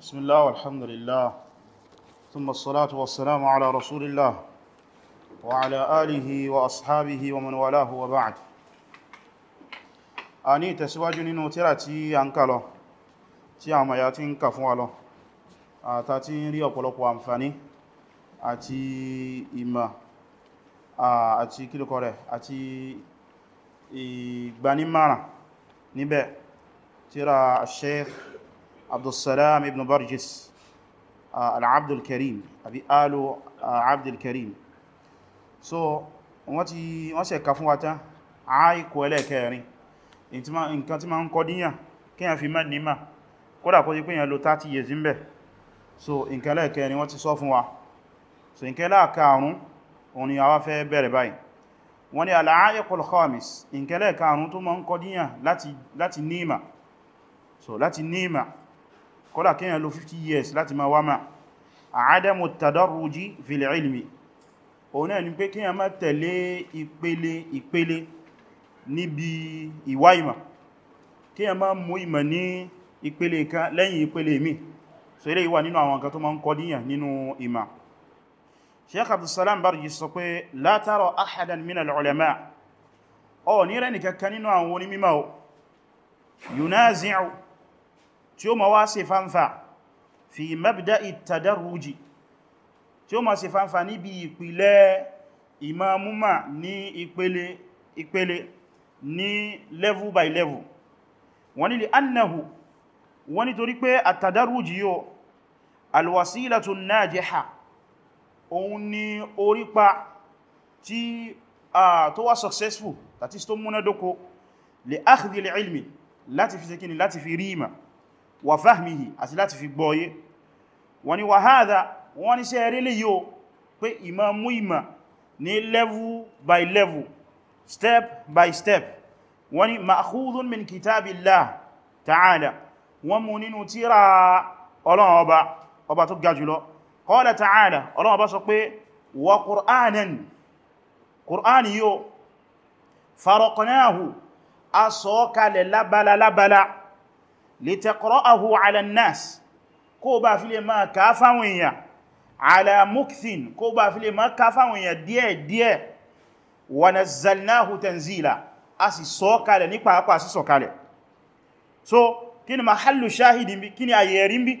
بسم الله والحمد لله ثم الصلاة والسلام على رسول الله وعلى آله وأصحابه ومن والاه وبعد أني تسواج نينو تراتي أنكالو تي أمياتين كفوالو àtàtí rí ọ̀pọ̀lọpọ̀ àǹfàní àti ìmọ̀ àti kílùkọ rẹ̀ àti ìgbanímàràn níbẹ̀ tíra الشيخ abdulsalam ibn barjis uh, al'abdulkarim àbí alu uh, abdulkarim so wọ́n ti wọ́n ṣe ka fún wa tán àìkò ẹlẹ́ẹ̀kẹrin nǹkan tí ma ń kọ́ díyàn kí yàn fi mẹ́ níma kódà kó sí pé yàn lo 30 years ń bẹ̀ so nǹkan ẹlẹ́ẹ̀kẹrin wọ́n ti sọ fún wa so nǹkan ẹlẹ́ẹ̀karùn òun ni a wá fẹ́ bẹ̀rẹ̀ báyìí wọ́n ni al-a'iqul khamis nǹkan ẹlẹ́ẹ̀karùn tó ma ń kọ́ díyàn láti níma so láti níma kódà kíyàn lò 50 years láti ma wá ma àádámù tadarruji fil ilmi òun náà ni pé kíyàn má tẹ̀lé ìpele ìpele níbi ìwá ìmọ̀ kíyàn má mú ìmọ̀ ní ìpele kan lẹ́yìn ìpele mi so ilé ìwà nínú àwọn nǹkan tó ma ń kọ díyàn nínú ìmọ̀ sheikh abdulsalam barji sọ pé la ahadan min al ọ ní rẹ̀ nìkankan nínú àwọn onímọ̀ yunazi'u tí ó ma wá ṣe fanfa fi mabda ìtàdárújì tí ó ma ṣe fanfa níbi ìpìlẹ̀ ìmàmúmà ní ìpele ìpele ní level by level wọ́n ní lè annahu wọ́n ní torí pé àtàdárújì yóò alwasilatu najiha òun ni orípa tí tó wá successful that is tó múnádókó lè akhdhi ilmi láti fi ṣe láti fi rí ìmà wà fáhmìhì àti láti fi gbọ́ọ̀yé wọ́n ni wàhádà wọ́n ni ṣe rí lè yíò pé ìmá mú ìmá ní level by level step by step wọ́n ni ma'khudhun min kitabillah ta'ala wọ́n mú nínú tíra ọlọ́run ọba ọba tó ga jùlọ qala ta'ala ọlọ́run ọba sọ pé wa qur'anan qur'an litaqra'ahu 'ala an-nas kó bá fi lè máa ká fáwọn èèyàn ala mukthin kó bá fi lè máa ká fáwọn èèyàn díẹ̀ díẹ̀ wa nazzalnahu tanzila a sì sọ̀kalẹ̀ ní pàápàá sí sọ̀kalẹ̀ so kí ni mahallu shahidi bí kí ni ayẹ̀rí bí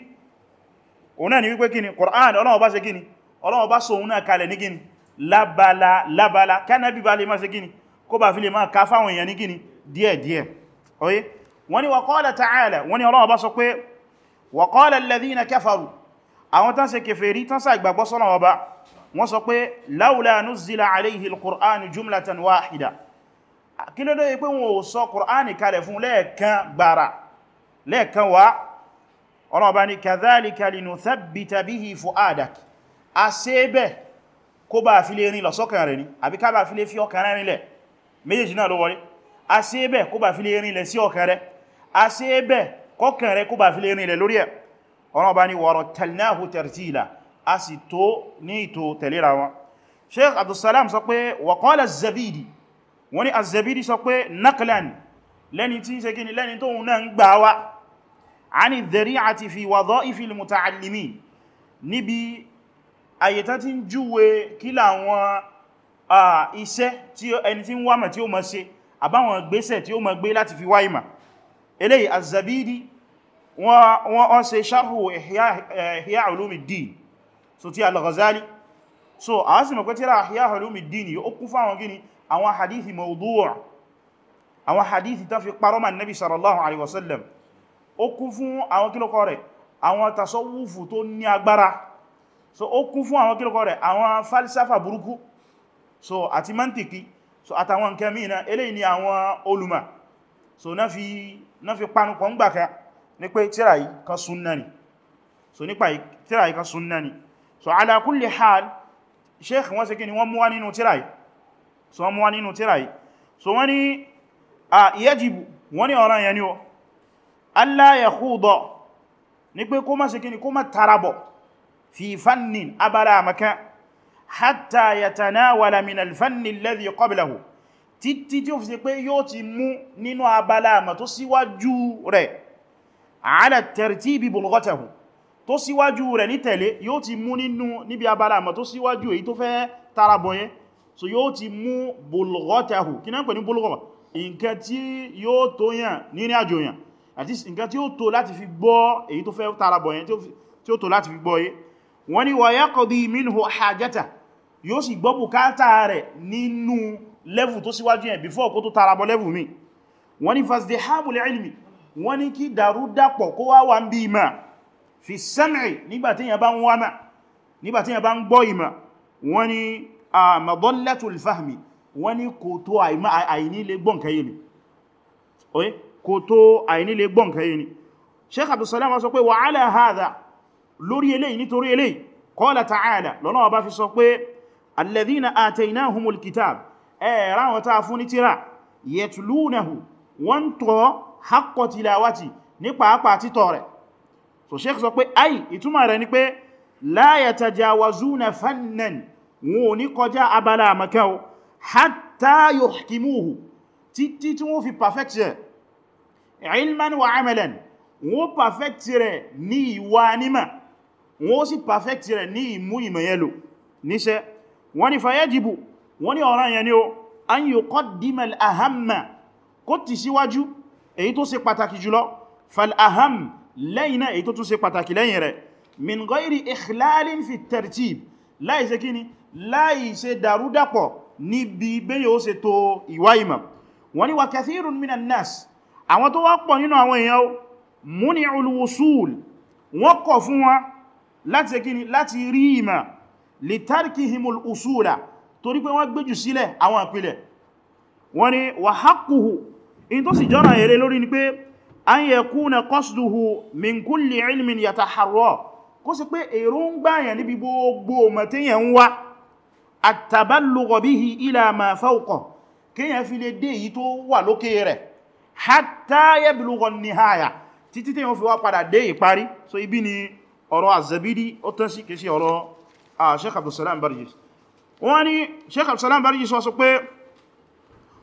òun náà ni wípé kí ni Qur'an Ọlọ́run bá ṣe kí ni Ọlọ́run bá so òun náà kalẹ̀ ní kí ni lábala lábala kánàbí bá lè máa ṣe kí ni kó bá fi lè máa ká fáwọn èèyàn ní kí díẹ̀ díẹ̀ oye okay? wọ́n ni wa qala ta'ala wọ́n ni Ọlọ́run bá sọ pé wa qala alladhina kafaru àwọn tán ṣe kèfèrí tán sá ìgbàgbọ́ sọ́nà ọba wọ́n sọ pé laula nuzila alayhi al-Qur'an jumlatan wahida kí ló dé pé kó bá fi lè rìn lọ sọ́kàn rẹ̀ ni àbí ká bá fi lè fi ọkàn rẹ̀ rìn lẹ̀ méjèèjì náà ló a ṣe bẹ́ẹ̀ kó bá fi lè rìn lẹ̀ sí ọkàn rẹ̀ a ṣe é bẹ̀ kọ́kàn rẹ kó bá fi lè rìn ilẹ̀ lórí ẹ̀ ọ̀nà bá ní warattalnahu tartila a sì tó ní ìtò tẹ̀lera wọn sheikh abdulsalam sọ pé wa qala az-zabidi wọ́n ní az-zabidi sọ pé naklan lẹ́ni tí ń ṣe gini lẹ́ni tó ń náà ń gbà fi wadha'ifi al eléyìí az-Zabidi wọ́n ṣe sharhu ihya eh, ulumuddin so ti al so a sì mọ̀ pé tíra ihya ulumuddin yìí ó kún fáwọn gini àwọn hadithi mawdu' àwọn hadithi ta fi paroma nabi sallallahu alaihi wasallam ó kún fún àwọn kílọ́kọ́ rẹ̀ àwọn tasawufu tó ní agbára so ó kún fún àwọn kílọ́kọ́ rẹ̀ àwọn falsafa burúkú so àti mantiki so àtàwọn nkẹ́mí na eléyìí ni àwọn olùmọ̀ so na fi na fi panu pọ̀ ngba kan ní pé tírà yìí kan sunna ni so nípa tírà yìí kan sunna ni so ala kulli hal sheikh wọ́n ṣe kíni wọ́n mú nínú tírà yìí so wọ́n mú wá so wọ́n ní a yajibu wọ́n ní ọ̀ràn yẹn ni o allah yakhuda ní pé kó má ṣe kíni kó má tarabọ̀ fi títí tí ó fi ṣe pé yóò ti mú nínú abala àmà tó síwájú rẹ̀ àádà tẹ̀rìtí ibi bọ̀lọ́gọ́tẹ̀hù tó síwájú rẹ̀ ní tẹ̀lé yóò ti mú nínú níbi abala àmà tó síwájú èyí tó fẹ́ tarabọ̀ so yóò ti mú bọ̀lọ́gọ́tẹ̀hù kí náà pè ní bọ̀lọ́gọ́ nǹkan tí yóò tó yàn nínú àjò yàn àti nǹkan tí ó tó láti fi gbọ́ èyí tó fẹ́ tarabọ̀ yẹn tí ó tó láti gbọ́ bùkátà rẹ̀ nínú level tó síwájú yẹn before kó tó tarabọ level mi wọ́n ní fasdehabul ilmi wọ́n ní kí dàrúdàpọ̀ kó wá wà ń bí ìmà fi sam'i nígbàtí yẹn bá ń wá mà nígbàtí yẹn bá ń gbọ́ ìmà wọ́n ní a madallatul fahmi wọ́n ní kò tó àìní lè gbọ́ nǹkan yé ni oye kò tó àìní lè gbọ́ nǹkan yé ni sheikh abdulsalam sọ pé wa ala hadha lórí eléyìí nítorí eléyìí qala ta'ala lọ́nà ọba fi sọ pé alladhina ataynahumul kitab ẹ̀ẹ̀rá wọn tàà fún ní tíra yẹtùlúnẹ̀hù wọ́n tọ́ hakọ̀ tilawati ní pàápàá títọ̀ rẹ̀ so sheikh sọ pé ayi ìtumà rẹ̀ ni pé láyàtàjáwazúnà fannan wọn ò ní kọjá abala àmàkẹ́wò hatta yuhkimuhu títí tí wọ́n fi perfect rẹ̀ ilman wa amalan wọ́n perfect rẹ̀ ní ìwà nímà wọ́n sì perfect wọ́n ni fayajibu wọ́n ní ọ̀ràn yẹn ni ó an yuqaddima al-ahamma kó ti síwájú èyí tó ṣe pàtàkì jùlọ fal-aham lẹ́yìn náà èyí tó tún ṣe pàtàkì lẹ́yìn rẹ̀ min ghairi ikhlalin fi tartib láì ṣe kíni láì ṣe dàrúdàpọ̀ níbi bẹ́yẹ̀ ó ṣe tó ìwá ìmọ̀ wọ́n ní wa kathirun minan nas àwọn tó wá pọ̀ nínú àwọn èèyàn muni'ul wusul wọ́n kọ̀ fún wọn láti rí ìmọ̀ li tarkihimul usula torí pé wọ́n gbéjù sílẹ̀ àwọn àpilẹ̀ wọ́n ni wà hákùhù in tó sì jọ́nà èrè lórí ni pé an yakuna qasduhu min kulli ilmin yataharra kó sì pé èròǹgbà yẹn níbi gbogbo mọ̀tíyàn ń wá at-taballugu bihi ila ma fawqa kíyàn fi lè dé èyí tó wà lókè rẹ̀ hatta so ibi ni ọ̀rọ̀ Azzabidi ó tán sí kìí sí ọ̀rọ̀ ah, Sheikh Abdussalam Barjis wọ́n ní sheikh absalam bari sọ sọ pé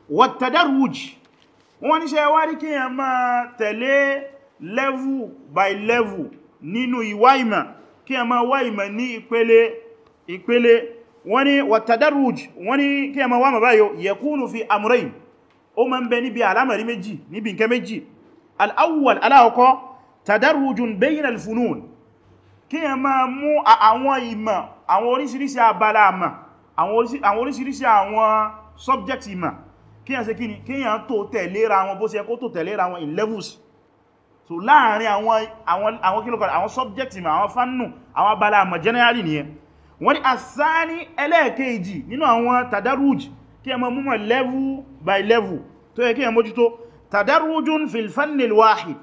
watadarruj wọ́n ní ṣe wá rí kí yàn máa tẹ̀lé level by level nínú ìwá ìmọ̀ kí yàn máa wá ìmọ̀ ní ìpele ìpele wọ́n ní watadarruj wọ́n ní kí yàn máa wá mọ̀ báyọ yakunu fi amrayn ó máa ń bẹ níbi alámàrí méjì níbi àwọn ìmọ̀ àwọn oríṣiríṣi abala àmà àwọn oríṣiríṣi àwọn subject ìmọ̀ kíyàn ṣe kí ni kíyàn tó tẹ̀léra wọn bó ṣe kó tó tẹ̀léra wọn in levels so láàrin àwọn kílùkọ̀ àwọn subject ìmọ̀ àwọn fánù àwọn abala àmọ̀ generally nìyẹn wọ́n ni àsáni ẹlẹ́ẹ̀kejì nínú àwọn tadaruj kí ẹ mọ̀ level by level tó yẹ kí ẹ mójútó tadarujun fil fannil wahid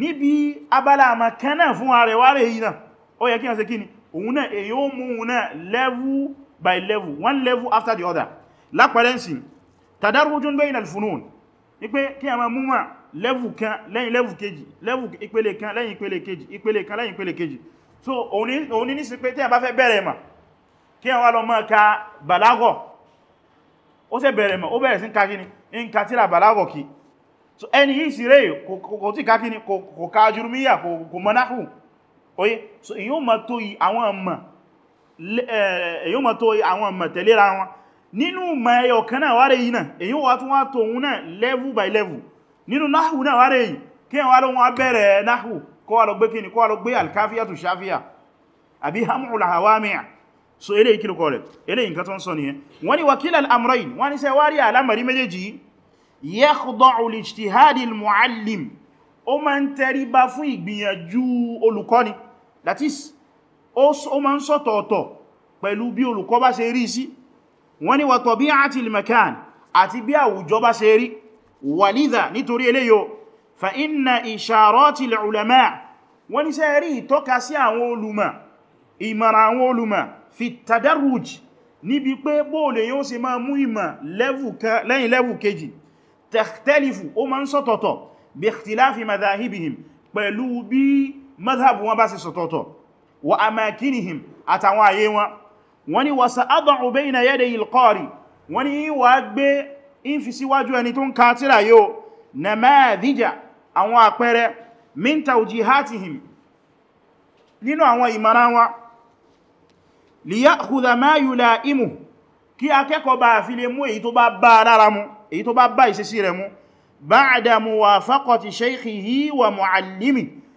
níbi abala àmọ̀ kan náà fún ààrẹ wárẹ̀ yìí náà ó yẹ kí ẹ ṣe kí ni òun náà èyí ó mú òun náà level by level one level after the other lápẹrẹnsì tadarujun bayna al-funun ní pé kí a máa mú ma level kan lẹ́yìn level kejì level ìpele kan lẹ́yìn ìpele kejì ìpele kan lẹ́yìn ìpele kejì so òun ní sí pé tí a bá fẹ́ bẹ̀rẹ̀ mà kí a wá lọ mọ́ ka balagọ̀ ó ṣe bẹ̀rẹ̀ mà ó bẹ̀rẹ̀ sí ka kíni in ka tíra balagọ̀ kí so ẹni yìí sí rẹ̀ kò tí ka kíni kò ka jùrùmíyà kò mọ́náhù oye so ìyóò mọ́ tó yí àwọn mọ̀ èyí ma tó àwọn ọmọ tẹ̀léra wọn nínú ma ẹyọ kan náà wárẹ̀ yìí náà èyí wà tún wá tó òun náà level by level nínú náhù náà wárẹ̀ yìí kí wọ́n lọ wọ́n bẹ̀rẹ̀ náhù kọ́ wà lọ gbé kíni kọ́ wà lọ gbé alkafiya tó ṣáfíà àbí hamul hawamiya so eléyìí kí ló kọ́ rẹ̀ eléyìí nǹkan tó that is ó ma ń sọ́tọ̀ọ̀tọ̀ pẹ̀lú bí olùkọ́ bá ṣe rí sí wọ́n ní wa tabi'atil makan àti bí àwùjọ bá ṣe rí wàlídà nítorí eléyò fa inna isharatil ulama wọ́n ní ṣe rí ìtọ́ka sí àwọn olùmọ̀ ìmọ̀ràn àwọn olùmọ̀ fi tadarruj níbi pé bóòlè yóò ṣe máa mú ìmọ̀ lẹ́yìn lẹ́wù kejì takhtalifu ó ma ń sọ́tọ̀ọ̀tọ̀ bi ikhtilafi madhahibihim pẹ̀lú bí madhhabu wọn bá ṣe sọ́tọ̀ọ̀tọ̀ wa amakinihim àtàwọn ayé wọn wọ́n ni wasa adọ̀rù bẹ́ na yẹ́dẹ̀ ilkọ́rì wọ́n ni wà gbé in fi síwájú ẹni tó ń ka tíra yóò na mẹ́ẹ̀díjà àwọn àpẹẹrẹ min tawjihatihim nínú àwọn ìmọ̀ra wọn liyakhudha ma yula'imu kí akẹ́kọ̀ọ́ bá fi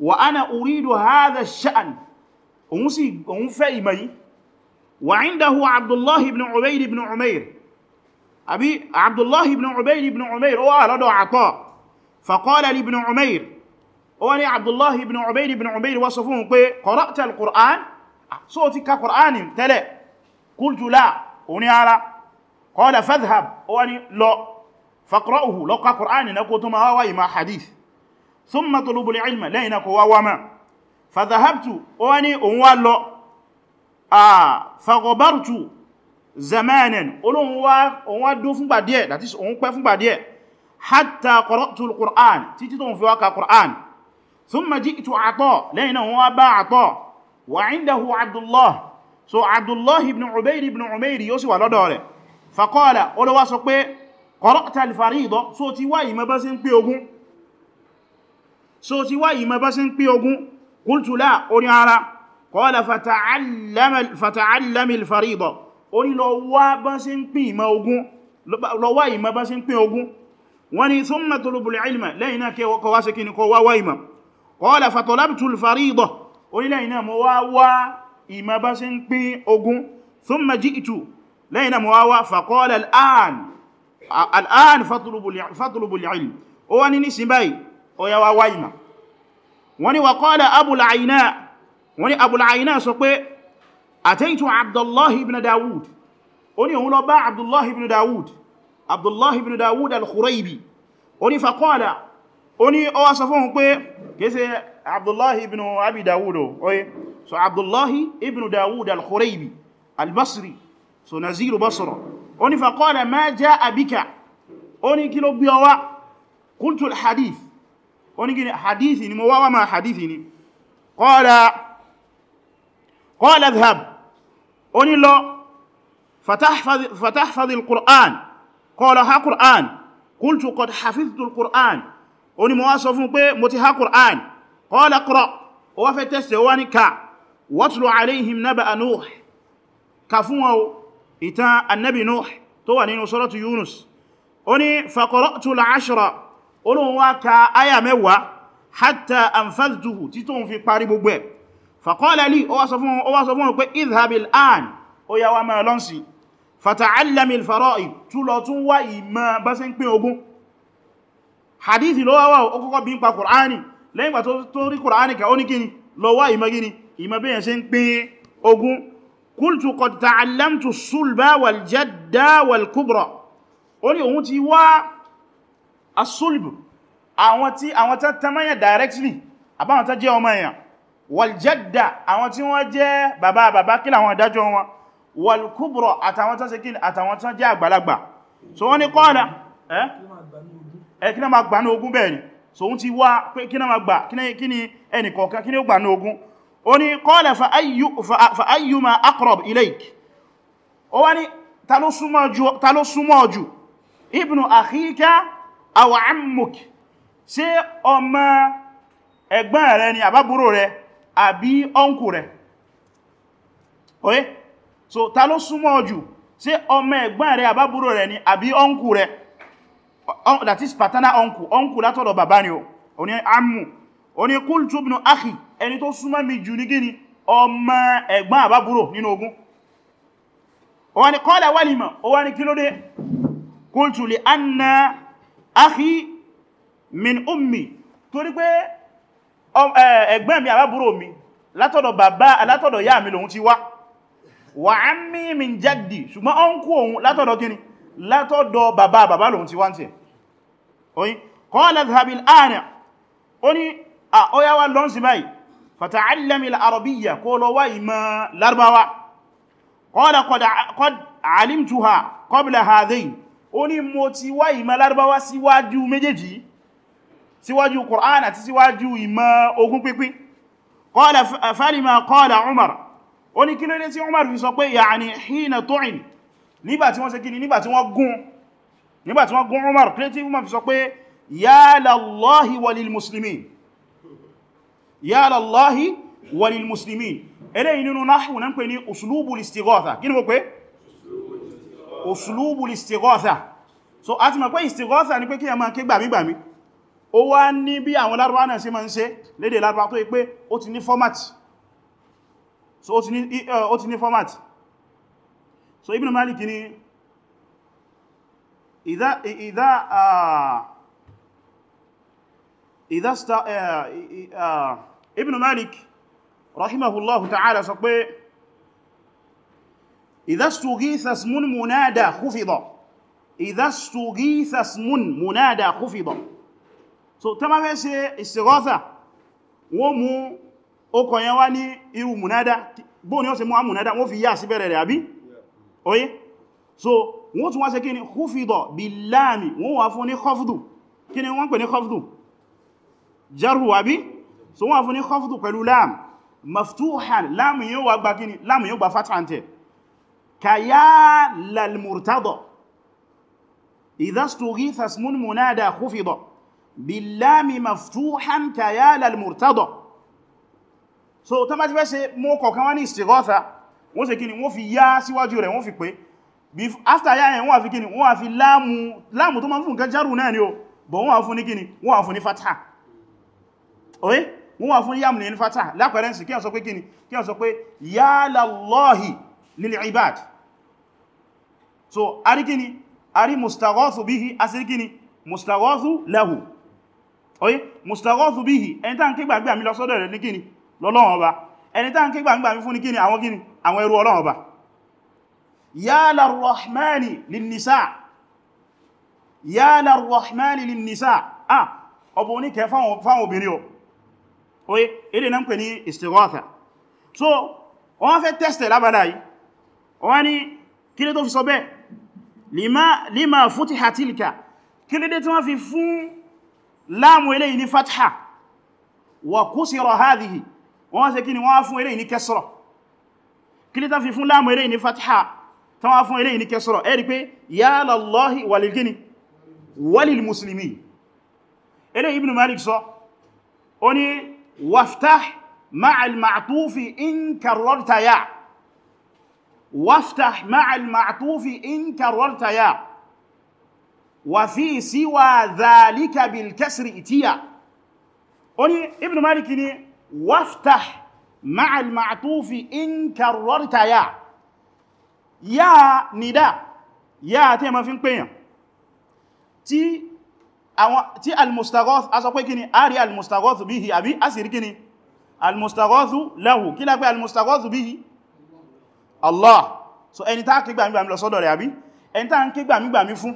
wa ana uridu hadha sha'an òun sì òun fẹ́ ìmọ̀ yìí wa indahu abdullah ibn ubayd ibn umair abi abdullah ibn ubayd ibn umair ó wà lọ́dọ̀ Ata fa qala li ibn umair ó wá ní abdullah ibn ubayd ibn umair wá sọ fún pé qara'ta al-qur'an ah, so ti ka qur'an tẹ́lẹ̀ qultu la ó thumma tulubul ilma lẹ́yìn náà kò wá wá máa fàdáhábtù ó wá ní òun wá lọ fàgọ̀bártù zamanin olóhun wá dó fúngbà díẹ̀ that is òun pẹ́ fúngbà díẹ̀ hatta qara'tu al-Qur'an títí tó ń fi wá ka Qur'an thumma ji'tu Ata lẹ́yìn náà wọ́n wá bá Ata wa 'indahu Abdullah so Abdullah ibn Ubayr ibn Umayr yóò sì wà lọ́dọ̀ rẹ̀ faqala olówá sọ pé qara'ta al-farida so ti wá ìmọ̀ bá sí ń pé ogun so ti wá ìmọ̀ bá sí ń pín ogun kúrtùlá orí ara kọ́lá fata'allamil farida orí lọ wá bá sí ń pín ìmọ̀ ogun lọ wá ìmọ̀ bá sí ń pín ogun wọ́n ni thumma tulubul ilma lẹ́yìn náà kọ́ wá sí kí ni kọ́ wá wá ìmọ̀ kọ́lá fata'allamil farida orí lẹ́yìn náà mo wá wá ìmọ̀ ọya wá wá ìmà wọ́n ni wàkọ́lá Abul Aina wọ́n ni Abul Aina sọ pé ataitu Abdullahi ibn Dawud ó ní òun lọ bá Abdullahi ibn Dawud Abdullahi ibn Dawud al-Khuraibi ó ní fàkọ́lá ó ní ó wá sọ fún pé kése Abdullahi ibn Abi Dawud oye so Abdullahi ibn Dawud al-Khuraibi al-Basri so naziru Basra ó ní fàkọ́lá ma jaa bika ó ní kí ló qultu al-hadith onígini hadithi ni mo wá wá ma hadithi ni qala qala dhab oní lọ fatahfadhi al-qur'an qala ha qur'an qultu qad hafidhtu al-qur'an oní mo wá sọ fún pé mo ti ha qur'an qala qra o wá fẹ́ tẹ́sẹ̀ wá ní ka watlu alayhim naba'a nuh ka fún wọn ìtàn annabi nuh tó wà nínú suratu yunus oní faqara'tu al olóhun wá ka aya mẹ́wàá hatta anfadtuhu tí tó ń fi parí gbogbo ẹ̀ faqala li ó wá sọ fún ó wá sọ fún pé idhabil an ó yá wá máa lọ́nsì fata'allamil fara'id túlọ tún wá ìmọ̀ bá sí ń pín ogún hadithi ló wá ó kọ́kọ́ bí ń pa kùránì lẹ́yìn tó rí kùránì ka ó ní kíni lọ wá ìmọ̀ gíní ìmọ̀ bí yẹn sí ń pín ogún qultu qad ta'allamtu sulba wal ó ní òun ti wá asúlùbù àwọn tí àwọn tán tamáyà directly àbáwọn tán jẹ́ ọmọ èèyàn wàljẹ́dà àwọn tí wọ́n jẹ́ bàbá bàbá kí làwọn ìdájọ́ wọn wàlkúbùrọ̀ àtàwọn tán sekí àtàwọn tán jẹ́ àgbàlagbà so wọ́n ní kọ́ọ̀dá ẹ́ kí náà gbà ní ogún bẹ́ẹ̀ so wọ́n ti wá pé kí náà ma gbà kí ni ẹnì kọ̀ọ̀kan kí ni ó gbà ní ogún ó ní kọ́ọ̀dá fa ayyuma akrob ilayk ó wá ní ta ló súnmọ́ jù ibnu akhika àwà ammuk ṣe ọmọ ẹ̀gbọ́n rẹ ni àbábúrò rẹ àbí ọ́nkù rẹ oye so ta ló súnmọ́ jù ṣe ọmọ ẹ̀gbọ́n rẹ àbábúrò rẹ ni àbí ọ́nkù rẹ that is paternal uncle uncle látọ̀dọ̀ bàbá ni o ammu oní qultu ibn akhi ẹni tó súnmọ́ mi jù ní gíní ọmọ ẹ̀gbọ́n àbábúrò nínú ogún ní qala walima ó wá ní kílódé akhi min ummi torí pé ẹgbẹ́ mi àbábúrò mi látọ̀dọ̀ bàbá látọ̀dọ̀ yá mi lòun ti wá wa ammi min jaddi ṣùgbọ́n ọ ń kú òun látọ̀dọ̀ kíni látọ̀dọ̀ bàbá bàbá lòun ti wá ti ẹ̀ oyin qala adhhab al-ana ó ní àóyá wá lọ́n wá ìmọ̀ lárúbáwá ó ní mo ti wá ìmọ̀ lárúbáwá síwájú méjèèjì síwájú Qur'an àti síwájú ìmọ̀ ogun pínpín qala falima qala Umar ó ní kí ló dé tí Umar fi sọ pé ya'ni hina tu'in nígbàtí wọ́n ṣe kí ni nígbàtí wọ́n gún nígbàtí wọ́n gún Umar pé tí Umar fi sọ pé ya lallahi walil uslubul istighatha so a ti mọ̀ pé istighatha ní pé kí ẹ máa ké gbàmígbàmí ó wá ní bí àwọn lárúbá náà ṣe máa ń ṣe lédè lárúbá tó pé ó ti ní format so ó ti ní format so Ibn Malik ni idha idha idha sta Ibn Malik rahimahullahu ta'ala sọ pé إذا استغيث اسم منادى خفض إذا استغيث اسم منادى خفض so tá bá fẹ́ ṣe ìṣẹ́gọ́sà wọ́n mú okọ̀ yẹn wá ní irú múnádá bóò ní ó ṣe mú àmúnádá fi yá sí bẹ̀rẹ̀ rẹ̀ àbí oye so wọ́n tún wá ṣe kíni húfidọ̀ bí láàmì wọ́n wá fún ní kọfùdù kíni wọ́n pè ní jarhu àbí so wọ́n wá fún ní kọfùdù pẹ̀lú láàmì maftuhan láàmì yóò wá gba kíni láàmì yóò gba fatante كيا للمرتضى إذا استغيث اسم منادى خفض باللام مفتوحا كيا للمرتضى so tó bá ti fẹ́ ṣe mú kọ̀kan wá ní ìsìgọ́ta wọ́n ṣe kí wọ́n fi yá síwájú rẹ̀ wọ́n fi pé after yá yẹn wọ́n fi kí ni wọ́n fi láàmù tó máa fún nǹkan járù náà ni o bọ̀ wọ́n fún ní kí ni wọ́n fún ní fata oye wọ́n fún ní yàmù ní fata lápẹẹrẹ lil'ibad so a rí kíni a rí mustaghothu bihi a sí kíni mustaghothu lahu oye mustaghothu bihi ẹni tá ń ké gbàgbé àmì lọ́sọ́dọ̀ rẹ̀ ní kíni lọ́lọ́wọ́n ọba ẹni tá ń ké gbàgbé àmì fún ní kíni àwọn kíni àwọn ẹrú ọlọ́wọ́n ọba ya larrahmani linnisa ah, so wọ́n fẹ́ tẹ́sẹ̀ lábàdá yìí wọ́n ni kí lé tó fi sọ bẹ́ẹ̀ lima futiha tilka kí lé tí wọ́n fi fún láàmù eléyìí ní fatha wa kusira hadhihi wọ́n ṣe kí ni wọ́n fún eléyìí ní kẹsọ́rọ̀ kí lé tó fi fún láàmù eléyìí ní fatha tán wá fún eléyìí ní kẹsọ́rọ̀ ẹ̀rí pé ya ma'al ma'tufi in karrarta ya' وافتح مع المعطوف إن كررت يا وفي سوى ذلك بالكسر اتيا أني ابن مالك ني وافتح مع المعطوف إن كررت يا يا نداء يا تي ما فين بيان تي àwọn tí almustaghoth a sọ pé kíni a rí almustaghoth bihi àbí a sì rí kíni almustaghoth lahu kí lápẹ́ almustaghoth bihi Allah so ẹni tá kí gbàmígbàmí lọ sọ́dọ̀ rẹ̀ àbí ẹni tá ń kí gbàmígbàmí fún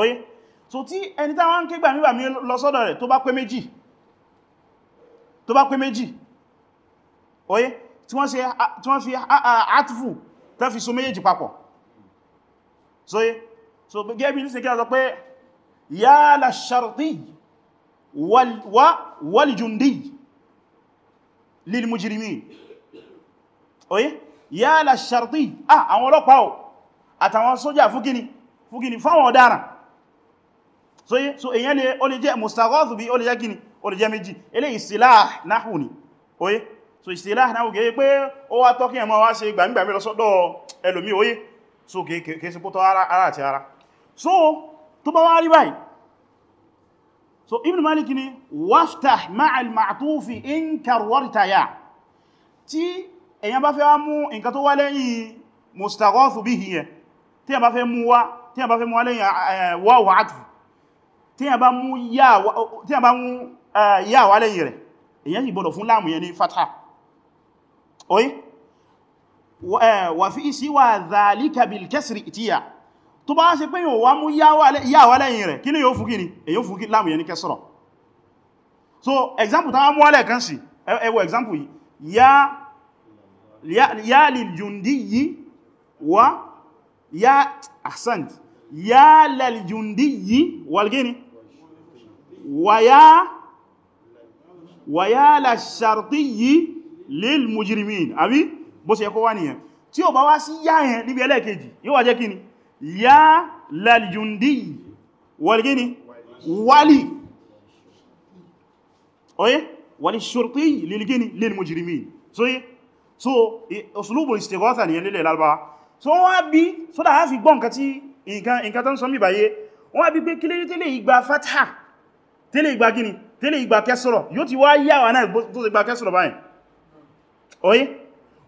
oyé so tí ẹni tá wọ́n ń kí gbàmígbàmí lọ sọ́dọ̀ rẹ̀ tó bá pé méjì tó bá pé méjì oyé tí wọ́n fi àtìfù tẹ́ fi so méjì papọ̀ so so gẹ́bí ní sẹ́kẹ́ sọ pé yá la ṣartí wal jundi lil yálà ṣàrtí ah àwọn ọlọ́pàá ò àtàwọn sójà fúgini fúgini fáwọn ọ̀daràn so yé so èyàn lè ó lè jẹ́ mustaghathu bí ó lè jẹ́ gini ó lè jẹ́ méjì ilé istilah náhù ni oyé so istilah náhù gẹ́ pé ó wá tọ́kí ẹ̀mọ́ wá ṣe gbàmígbàmí lọ sọ́dọ̀ ẹlòmí oyé so kìí sí pótọ́ ara so tó bá so ibn malik ni waftah ma'al ma'tufi in karwarta ya èyàn bá fẹ́ wá mú nǹkan tó wá lẹ́yìn mustaghathu bihi yẹn tí a bá fẹ́ mú wá tí a bá fẹ́ mú wá lẹ́yìn eh, wọ́wọ́ àtù tí a bá mú yà eh, wá lẹ́yìn rẹ̀ èyàn sì gbọ́dọ̀ fún láàmù yẹn ní fatha oye wà eh, fi síwà dhalika bil kasri ìtíyà tó bá ṣe pé yóò wá mú yà wá lẹ́yìn rẹ̀ kí ni yóò fún kí ni èyàn fún láàmù yẹn ní kẹsọ̀rọ̀ so example ta wá mú wá lẹ́ẹ̀kan sí ẹwọ example yìí ya lil jundiyi wa ya ahsant ya lil jundiyi wal gini wa ya wa ya la shartiyi lil mujrimin àbí bó ṣe kó wá nìyẹn tí ó bá wá sí yá yẹn níbi ẹlẹ́ẹ̀kejì yóò wá jẹ́ kíni ya lil jundiyi wal gini wali oye wali shartiyi lil gini lil mujrimin so ye so uslubu istighatha ni lele larba so wọ́n bi so da ha fi gbọ́ nǹkan tí nǹkan nǹkan tan so mi baye wọ́n bi pé kile tele igba fatha tele igba gini tele igba kesoro yo ti wa ya wa na to se igba kesoro bayin oye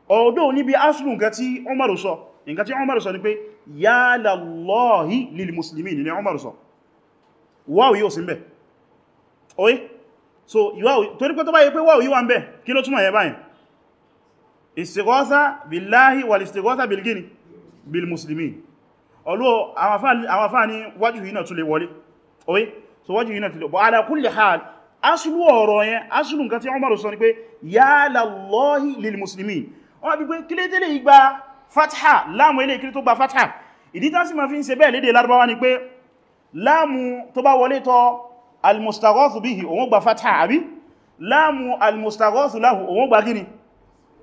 odo ni bi aslu nǹkan tí Umar sọ nǹkan tí Umar sọ ni pé ya lallahi lil muslimin ni Umar sọ wa o yo sin be oye so iwa torí pé tó bá yé pé wa o yi wa nbe kí ló túmọ̀ yẹn bayin istighatha billahi wal istighatha bil gini bil muslimin olo àwọn fa ni waju yìí lè wọlé oye so waju yìí náà tún lè bo ala kulli hal aslu ọ̀rọ̀ yẹn aslu nǹkan tí Umar sọ ní pé ya lallahi lil muslimin ó bi pé kile tele igba fatha lamu ile kile tó gba fatha ìdí tan si ma fi ń ṣe bẹ́ẹ̀ lédè Lárúbáwá ni pé lamu tó bá wọlé tó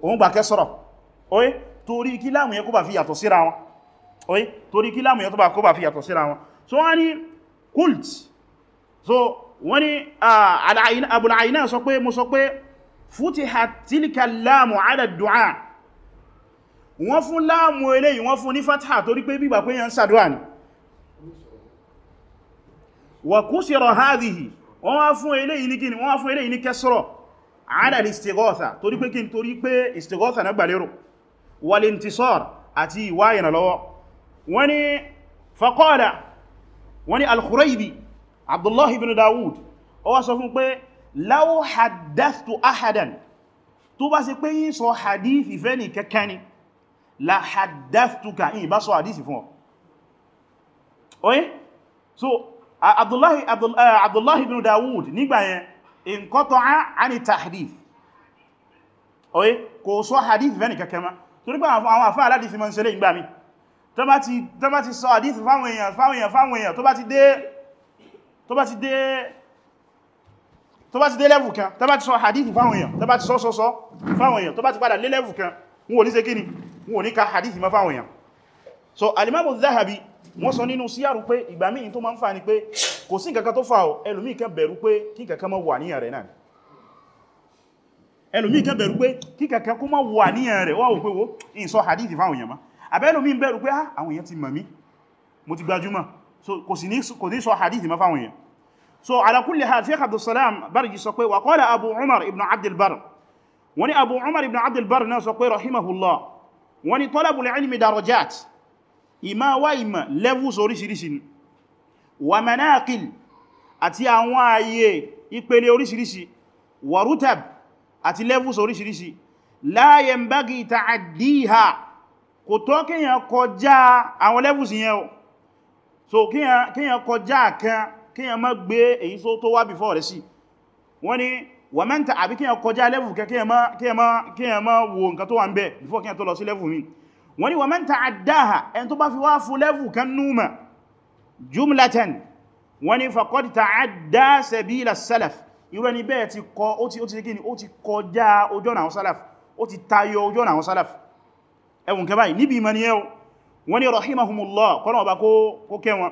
òun gbà kẹsọ̀rọ̀ oye torí kí láàmù yẹn kó bà fi yàtọ̀ síra wọn oye torí kí láàmù yẹn kó bà fi yàtọ̀ síra wọn so wọ́n ni kult so wọ́n ni Abul Ayna sọ pé mo sọ pé futihat tilka láàmù ala du'a wọ́n fún láàmù eléyìí wọ́n fún ní fatha torí pé bígbà wọ́n fún eléyìí ní kẹsọ́rọ̀ alal istighatha torí pé kí n torí pé istighatha na gbàlérò wal intisar àti ìwá ìrànlọ́wọ́ wọ́n ní faqala wọ́n ní al-Khuraybi Abdullah ibn Dawud ó wá sọ fún pé law haddathtu ahadan tó bá ṣe pé yí sọ hadithi fẹ́ ní kẹ́kẹ́ ni la haddathtuka yí bá sọ hadithi fún ọ oye so Abdullah eh, ibn Dawud nígbà yẹn inqata'a ani tahdith oye kò sọ hadith fẹ́ni kẹ́kẹ́ ma torí pé àwọn àfá aládìí fi mọ́ ṣe lè ìgbà mi tó bá ti sọ hadith fáwọn èèyàn fáwọn èèyàn fáwọn èèyàn tó bá ti dé tó bá ti dé tó bá ti dé level kan tó bá ti sọ sọ sọ fáwọn èèyàn tó bá ti padà lé so alimamu zahabi wọ́n sọ nínú síyàrù pé ìgbà míì tó kò sí nǹkankan tó fà ọ́ ẹlòmíì kan bẹ̀rù pé kí nǹkankan má wà níyàn rẹ̀ náà ẹlòmíì kan bẹ̀rù pé kí nǹkankan kó má wà níyàn rẹ̀ wọ́n wò pé wo in sọ hadithi fáwọn èèyàn má àbẹ́ ẹlòmíì bẹ̀rù pé ah, àwọn èèyàn ti mọ̀ mí mo ti gbajúmọ̀ so kò sí ní sọ hadithi má fáwọn èèyàn so ala kulli hal Sheikh Abdussalam Barji sọ pé wa qala Abu Umar ibn Abd al-Barr Abu Umar ibn Abd al náà sọ pé rahimahullah wọ́n ní talabul ilmi darajat ìmá ìmá levels oríṣiríṣi ni wa manaqil àti àwọn ààyè ìpele oríṣiríṣi wa rutab àti levels oríṣiríṣi la yanbaghi ta'addiha kò tọ́ kíyàn kọjá àwọn levels yẹn o so kíyàn kọjá kan kíyàn má gbé èyí tó wá before rẹ̀ sí wọ́n ni wà mẹ́ta àbí kíyàn kọjá level kẹ kíyàn má wo nǹkan tó wà ń bẹ̀ before kíyàn tó lọ sí level mi wọ́n ni wà mẹ́ta àdáhà ẹni tó jumlatan wọ́n ní faqad ta'adda sabila salaf irú ẹni bẹ́ẹ̀ ti kọ ó ti ṣe kíni ó ti kọjá ojú ọ̀nà àwọn salaf ó ti tayọ ojú ọ̀nà àwọn salaf ẹwùn kẹbàá níbi ìmọ̀ ni ẹ́ wọ́n ní rahimahumullah kọ́nà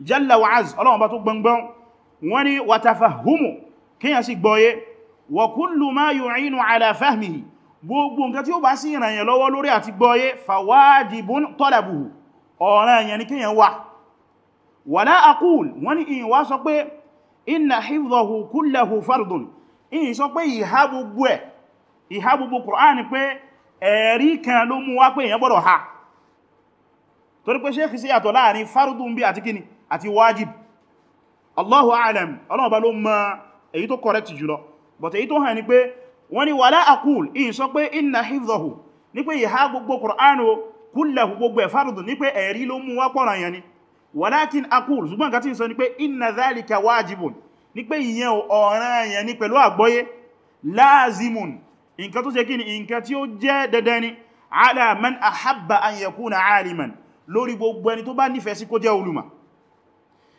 jalla wa az ọlọ́wọ́n bá tó gbọ́ngbọ́n wọ́n ni wa tafahumu kíyàn sí gbọ́yé wa kullu ma yu'inu ala fahmihi gbogbo nǹkan tí ó bá sí ìrànyàn lọ́wọ́ lórí àti gbọ́yé fawajibun talabuhu ọ̀ranyàn ni kíyàn wà wala aqul wọ́n ni ìyìn wá sọ pé inna hifdhahu kullahu fardun ìyìn sọ pé ìhá gbogbo ẹ̀ ìhá gbogbo Qur'an pé sí yàtọ̀ láàrin fardun bí àti kíni àti wájib Allahu a'lam Ọlọ́run bá ló mọ̀ èyí tó correct jùlọ but èyí tó hàn ní pé wọ́n ní wala aqul in sọ pé inna hifdhahu ní pé ìhá gbogbo Qur'an o kullahu gbogbo ẹ̀ ní pé ẹ̀rí ló mú wá pọ̀ràn ni lórí gbogbo ẹni tó bá nífẹ̀ẹ́ sí kó jẹ́ olùmọ̀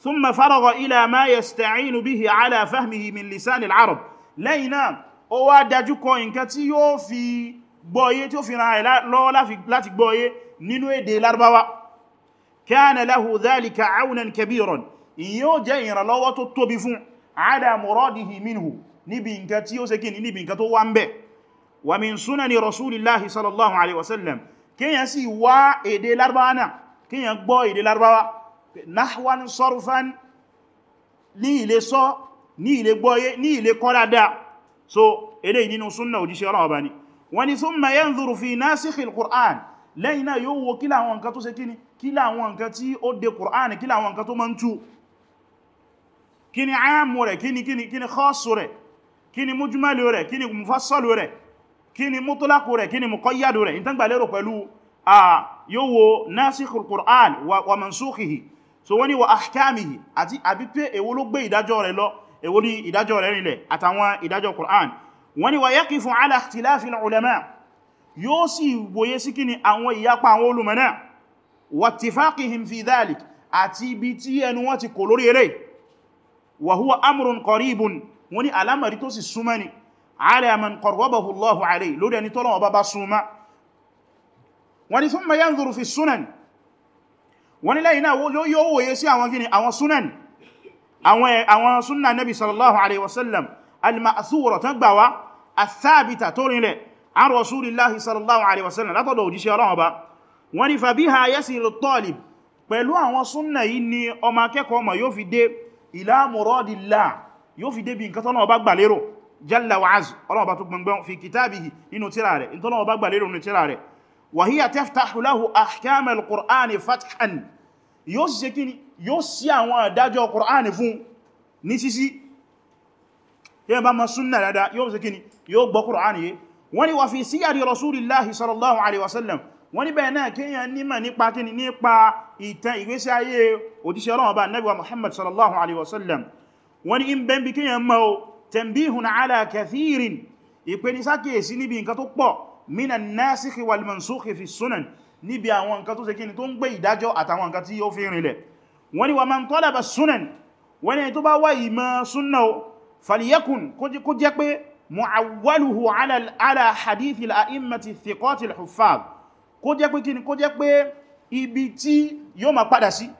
ثم فرغ إلى ما يستعين به على فهمه من لسان العرب lẹ́yìn náà ó wá dájú kọ nǹkan tí yóò fi gbọ́yé tí ó fi ràn lọ́wọ́ láti gbọ́yé nínú èdè Lárúbáwá كان له ذلك عونا كبيرا yóò jẹ́ ìrànlọ́wọ́ tó tóbi fún على مراده منه níbi nǹkan tí ó ṣe kí níbi nǹkan tó wá ń bẹ̀ ومن سنن رسول الله صلى الله عليه وسلم kíyàn sì wá èdè Lárúbáwá náà kíyàn gbọ́ èdè Lárúbáwá náhwán sọ́rùfán ní ilé sọ ní ilé gbọ́yé ní ilé kọ́ so eléyìí nínú súnnà òjíṣẹ́ Ọlọ́run Ọba ni wọ́n ni thumma yanzuru fi nasikh al-Qur'an lẹ́yìn náà yóò wo kí láwọn nǹkan tó ṣe kíni kí láwọn nǹkan tí ó de Qur'an kí láwọn nǹkan tó máa ń tú kí ni ààmù rẹ̀ kí ni kí ni kí ni khassu rẹ̀ kí ni mujmalu rẹ̀ kí ni wo nasikh al-Qur'an wa mansukhihi so wọ́n ni wọ ahkamihi àti àbí pé èwo ló gbé ìdájọ́ rẹ̀ lọ èwo ni ìdájọ́ rẹ̀ rìnlẹ̀ àtàwọn ìdájọ́ Qur'an wọ́n ni wà yaqifu ala ikhtilafi al-ulama yóò sì wòye sí kíni àwọn ìyapa àwọn olùmọ̀ náà wa ittifaqihim fi dhalik àti ibi tí ẹnu wọn ti kò lórí wọ́n ni alamari tó fi sunan wọ́n ní lẹ́yìn náà yóò wòye sí àwọn gini àwọn sunan àwọn sunan nabi sallallahu alaihi wasallam al-ma'thura tán gbà wá athabita tó rinlẹ̀ an rasulillahi sallallahu alaihi wasallam látọ̀dọ̀ òjíṣẹ́ Ọlọ́run ba wọ́n ni ọmọ akẹ́kọ̀ọ́ ma yóò fi wàhíyà taftahu lahu ahkam al-Qur'an fathan yóò sì ṣe kíni yóò sí àwọn àdájọ́ Qur'an fún ní sísí yẹ́ bá ma súnnà dada yóò sì kíni yóò gbọ́ Qur'an yé wọ́n ni wà fi síyàrí rasulillahi sallallahu alaihi wasallam wọ́n ni bẹ̀ẹ̀ náà kíyàn nímọ̀ nípa kíni nípa ìtàn ìgbésí ayé òjíṣẹ́ Ọlọ́run bá sallallahu alaihi wasallam mina nasikhi wal mansukhi fi sunan níbi àwọn nǹkan tó ṣe kíni tó ń gbé ìdájọ́ àtàwọn nǹkan tí ó fi rinlẹ̀ wọ́n ni wa man talaba sunan wọ́n ni tó bá wá ìmọ̀ súnà falyakun kó jẹ́ pé mu'awwaluhu ala hadithi al-a'immati thiqati al-huffaz kó jẹ́ pé kíni kó jẹ́ pé ibi tí yóò ma padà sí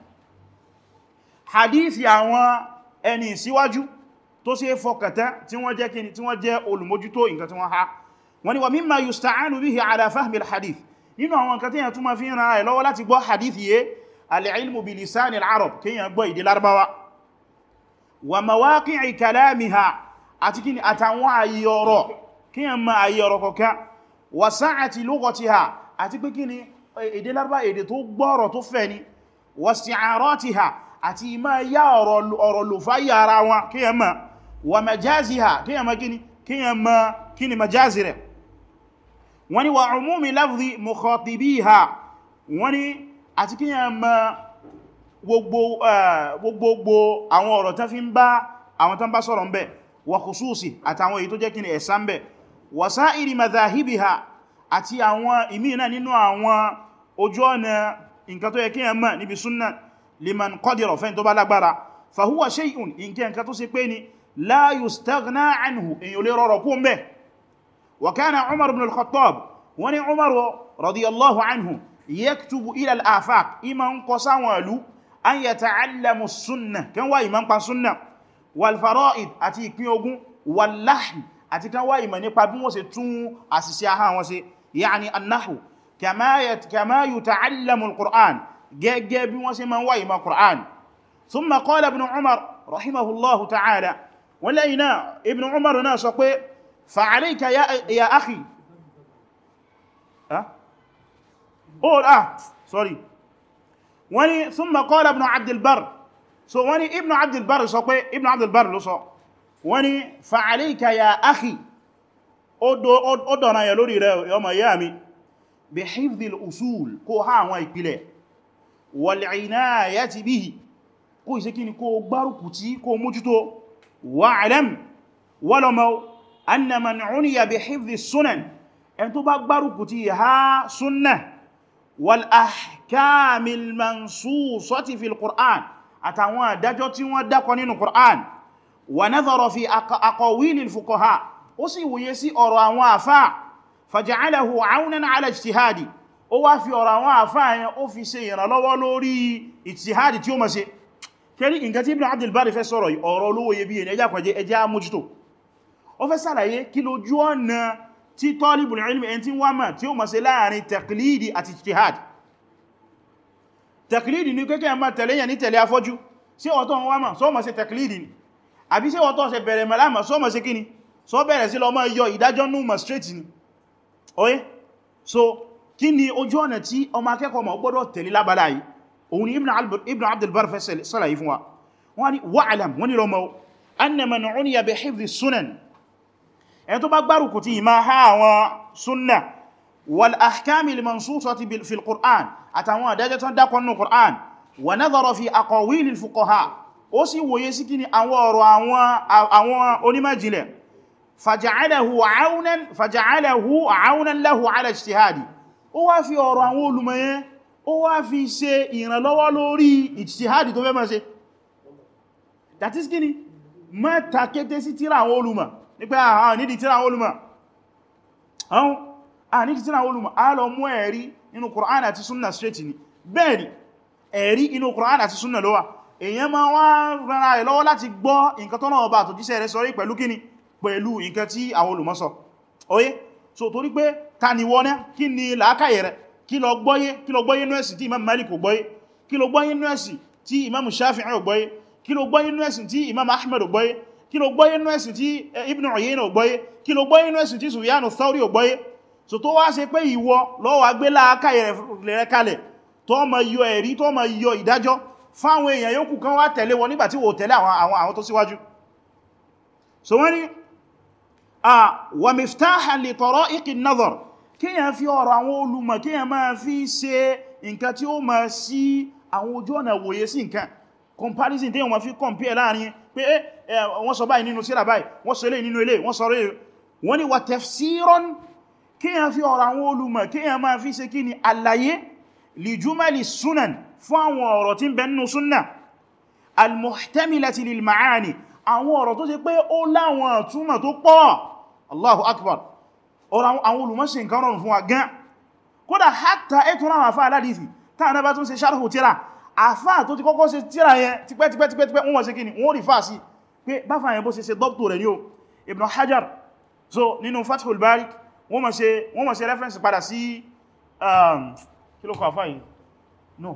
hadithi àwọn ẹni síwájú tó ṣe fọkàtà tí wọ́n jẹ́ kíni tí wọ́n jẹ́ olùmójútó nǹkan tí wọ́n ha wọ́n ni wà mimma yusta'anu bihi ala fahmi al-hadith nínú àwọn nǹkan tí yẹn tún ma fi ń ran ẹ̀ lọ́wọ́ láti gbọ́ hadith yé al-ilmu bi lisani al-arab kí yẹn gbọ́ ìdí larbawa wa mawaqi'i wa majaziha kí yẹn ma kí ni majazi rẹ̀ wọ́n ni wà ọmúmi láfí mukhatibiha wọ́n ni àti kí yẹn mọ́ gbogbogbò àwọn ọ̀rọ̀ tán fi ń bá àwọn tán bá sọ̀rọ̀ ń bẹ̀ wà khususi àtàwọn èyí tó jẹ́ kí ni ẹ̀sán bẹ̀ wà sáìrì madhahibiha àti àwọn ìmí náà nínú àwọn ojú ọ̀nà nǹkan tó yẹ kí bẹ̀ وكان عمر بن الخطاب وني عمر رضي الله عنه يكتب إلى الآفاق إما قصا والو أن يتعلم السنة كان واي من السنة والفرائض أتي كيوغو واللحن أتي كان واي من يقابون وستون أسسيها وسي يعني النحو كما يت كما يتعلم القرآن جاب وسي من واي ثم قال ابن عمر رحمه الله تعالى ولينا ابن عمر ناسقه فعليك يا يا اخي ها قول اه سوري وني ثم قال ابن عبد البر سو وني ابن عبد البر سو بي ابن عبد البر لو سو وني فعليك يا اخي odo odona ye lórí rẹ̀ ọmọ ìyá mi bi hifdh al usul kó ha àwọn ìpìlẹ̀ wal inayati bihi kó ise kini kó gbárùkù tì kó mójútó wa alam wa lamaw anna man uniya bi hifdhi sunan ẹn tó bá gbárùkù ti ha sunna wal ahkamil mansusati fil qur'an àtàwọn àdájọ́ tí wọ́n dákọ nínú qur'an wa nadhara fi aqawilil fuqaha ó sì wòye sí ọ̀rọ̀ àwọn àfá faja'alahu aunan ala ijtihadi ó wá fi ọ̀rọ̀ àwọn àfá yẹn ó fi ṣe ìrànlọ́wọ́ lórí ijtihadi tí ó mọ̀ ṣe kẹrí nǹkan tí ibn abdul bari fẹ́ sọ̀rọ̀ ọ̀rọ̀ olówó yẹ bí ẹjá kọjẹ ẹjá mójútó ó fẹ́ sàlàyé kí lójú ọ̀nà tí talibul ilmi ẹni tí wá mọ̀ tí ó mọ̀ sí láàrin taqlidi àti ijtihad taqlidi ní kékè ẹmà tẹ̀lé yẹn ní tẹ̀lé afọ́jú sí ọ̀tọ̀ wọn wá mọ̀ sọ mọ̀ sí taqlidi ni àbí sí so kí ni ojú ọ̀nà tí ọmọ akẹ́kọ̀ọ́ mọ̀ gbọ́dọ̀ tẹ̀lé lábàlá yìí òun ni ibn abdulbar fẹ́ sàlàyé fún wa wọ́n ni wa'lam wọ́n ni rọmọ annama na'uniya bi sunan ẹni tó bá gbárùkù ti ìmá ha àwọn súnnà wal ahkami lil mansusati fil qur'an àtàwọn àdájọ́ tán dákọ̀nù qur'an wa nadhara fi aqawil al fuqaha ó sì wòye sí kíni àwọn ọ̀rọ̀ àwọn onímọ̀jìnlẹ̀ faja'alahu aunan lahu ala ijtihadi ó wá fi ọ̀rọ̀ àwọn olùmọ̀yẹn ó wá fi ṣe ìrànlọ́wọ́ lórí ijtihadi that is kíni mẹ́ta kété sí tíra àwọn olùmọ̀ nígbà ah, àwọn nídi tíra olùmọ̀ àwọn nídi tíra olùmọ̀ a lọ mú ẹ̀rí inú Qur'an àti súnnà straight ni bẹ́ẹ̀ni ẹ̀rí inú Qur'an àti súnnà ló wà èyàn ma wá rárá ẹ̀ lọ́wọ́ láti gbọ́ nǹkan tọ́nà ọba àtòjíṣẹ́ rẹ̀ sọrí pẹ̀lú kíni pẹ̀lú nǹkan tí àwọn olùmọ̀ sọ oyé so torí pé ta ni wọ́n náà kí ni làákàyè rẹ̀ kí ló gbọ́yé kí ló gbọ́yé nọ́ẹ̀sì tí Imam Malik gbọ́yé kí ló gbọ́yé nọ́ẹ̀sì tí Imam Shafi'i gbọ́yé kí ló gbọ́yé nọ́ẹ̀sì tí Imam Ahmad gbọ́yé kí ló gbọ́yé nínú ẹ̀sìn tí eh, Ibn Uyayna ò gbọ́yé kí ló gbọ́yé nínú ẹ̀sìn tí Sufyanu Thawri ò gbọ́yé so tó wá ṣe pé ìwọ ló wá gbé láàká rẹ̀ kalẹ̀ tó ma yọ ẹ̀rí tó ma yọ ìdájọ́ fáwọn èèyàn yókù kan wá tẹ̀lé wọn nígbàtí wò tẹ̀lé àwọn tó síwájú so wọ́n ni a wà miftahan li tara'iqi an-nazar comparison tí wọ́n fi compare láàrin pé eh, Eh, wọ́n sọ báyìí nínú síra báyìí wọ́n sọ eléyìí nínú eléyìí wọ́n sọ rẹ̀ wọ́n ni wà tafsiran kí yàn fi ọ̀rọ̀ àwọn olùmọ̀ kí yàn máa fi ṣe kí ni àlàyé li jumali sunan fún àwọn ọ̀rọ̀ tí ń bẹ nínú súnnà almuhtamilati lil ma'ani àwọn ọ̀rọ̀ tó ṣe pé ó láwọn àtúmọ̀ tó pọ̀ Allahu akbar ọ̀rọ̀ àwọn kí ni wọ́n rí fáà pé báfà yẹn bó ṣe ṣe dọ́pù rẹ̀ ní o Ibn Hajar so nínú Fathul Bari wọ́n ma ṣe wọ́n ma ṣe reference padà sí um, kí ló kọ àfá yìí no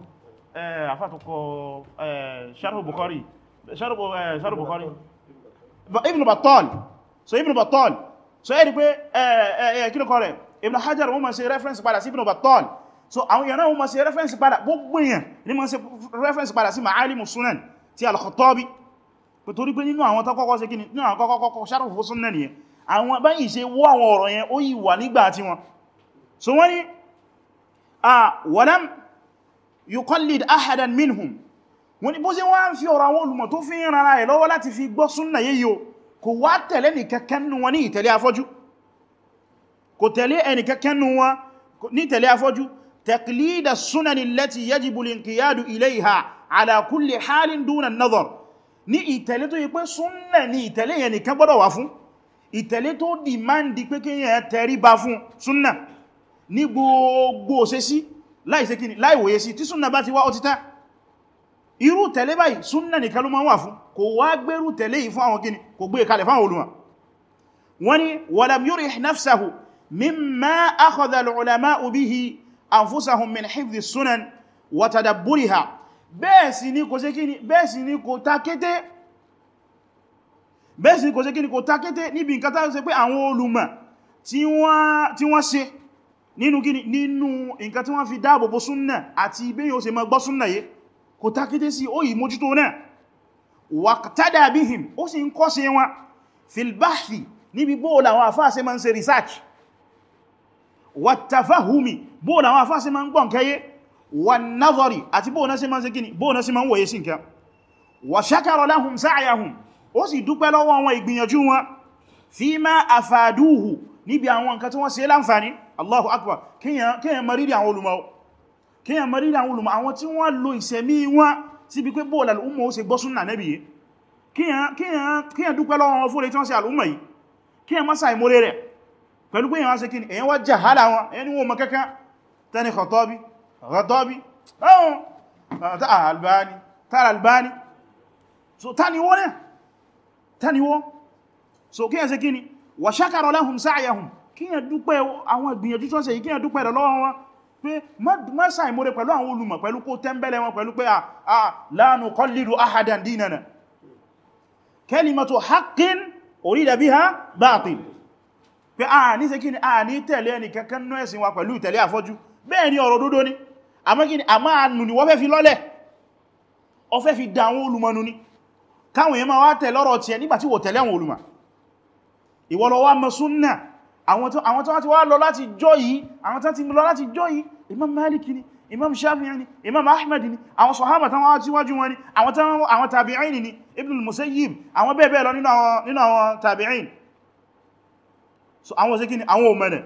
àfá tó kọ Sharh Bukhari Ibn Battal so Ibn Battal so ẹ́ rí pé kí ló kọ rẹ̀ Ibn Hajar wọ́n ma ṣe reference padà sí Ibn Battal so àwọn èèyàn náà wọ́n ma ṣe reference padà gbogbo èèyàn ní ma ṣe reference padà sí Ma'alimus Sunan ti Al-Khattabi pé torí pé nínú àwọn tọ́kọ́kọ́ ṣe kíni nínú àwọn kọ́kọ́kọ́ ṣàrùfò súnnà nìyẹn àwọn báyìí ṣe wọ́ àwọn ọ̀rọ̀ yẹn ó yìí wà nígbà tí wọn so wọ́n ni a walam yuqallid ahadan minhum wọ́n ni bó ṣe wọ́n fi ọ̀rọ̀ àwọn olùmọ̀ tó fi ń rara ẹ̀ lọ́wọ́ láti fi gbọ́ súnnà yé yíò kò wá tẹ̀lé ní kẹkẹ́nu wọn ní ìtẹ̀lé afọ́jú kò tẹ̀lé ẹni kẹkẹ́nu wọn ní ìtẹ̀lé afọ́jú taqlida sunan allati yajibu linqiyadu ilayha ala kulli halin duna an ní ìtẹ̀lé tó yí pé súnnà ní ìtẹ̀lé yẹn nìkan gbọ́dọ̀ wà fún ìtẹ̀lé tó dì máa ń di pé kí yẹn tẹrí ba fún súnnà ní gbogbo ṣe sí láìsẹ́kíní láìwòye sí tí súnnà bá ti wá ó ti tán irú tẹ̀lé báyìí súnnà nìkan ló máa wà fún bẹ́ẹ̀ sì ni kò ṣe kíni ni kò takété bẹ́ẹ̀ ni kò ṣe kíni kò takété níbi nǹkan tá ń ṣe pé àwọn olùmọ̀ tí wọ́n ṣe nínú kíni nínú nǹkan tí wọ́n fi dáàbò bo súnnà àti ibéyàn ó ṣe mọ́ gbọ́ súnnà yé kò takété sí ó yìí mójútó náà wàtádà bíhìm ó sì ń kọ́ ṣe wọn wà náàzọ̀rì àti bóòná sí máa ń ṣe kíni bóòná sí máa ń wòye sí nǹkan wà ṣákàrọ̀ láhùn sáàyàhùn ó sì dúpẹ́ lọ́wọ́ wọn ìgbìyànjú wọn fi ma àfàdúhù níbi àwọn nǹkan tí wọ́n ṣe láǹfàní Allahu akbar kíyàn maríri àwọn olùmọ̀ àwọn tí wọ́n lo ìṣẹ̀mí wọn síbi pé bóòlà al'umma ó ṣe gbọ́ súnnà nẹ́bì yìí kíyàn dúpẹ́ lọ́wọ́ wọn fóre tí wọ́n ṣe al'umma yìí kíyàn Ghadabi ọ̀hún Albani tààrà Albani so taniwọ́ náà taniwọ́ so kíyàn ṣe kíni wà shakara lahum sa'yahum kíyàn dúpẹ́ àwọn ìgbìyànjú tó ṣe kíyàn dúpẹ́ lọ́wọ́ wọn pé mọ́sà ìmúre pẹ̀lú àwọn olùmọ̀ pẹ̀lú kó tẹ́m̀bẹ̀lẹ̀ wọn pẹ̀lú pé à la nuqallidu ahadan dinana kalimatu haqqin urida biha batil pé a ní ṣe kíni a ní tẹ̀lé ẹnì kankan nú ẹ̀sìn wa pẹ̀lú àmá ànù ni wọ́n fẹ́ fi lọ́lẹ̀ ọ fẹ́ fi dá àwọn olùmọ̀ nù ní káwọn èèyàn máa wá tẹ̀ lọ́rọ̀ tí ẹ nígbàtí wò tẹ̀lé àwọn olùmọ̀ ìwọ́lọ wá mọ̀ súnnà àwọn tó wá ti wá lọ láti jọ yìí àwọn tó ti lọ láti jọ yìí Imam Maliki ni Imam so àwọn òsèkí ni àwọn òmẹ́nẹ̀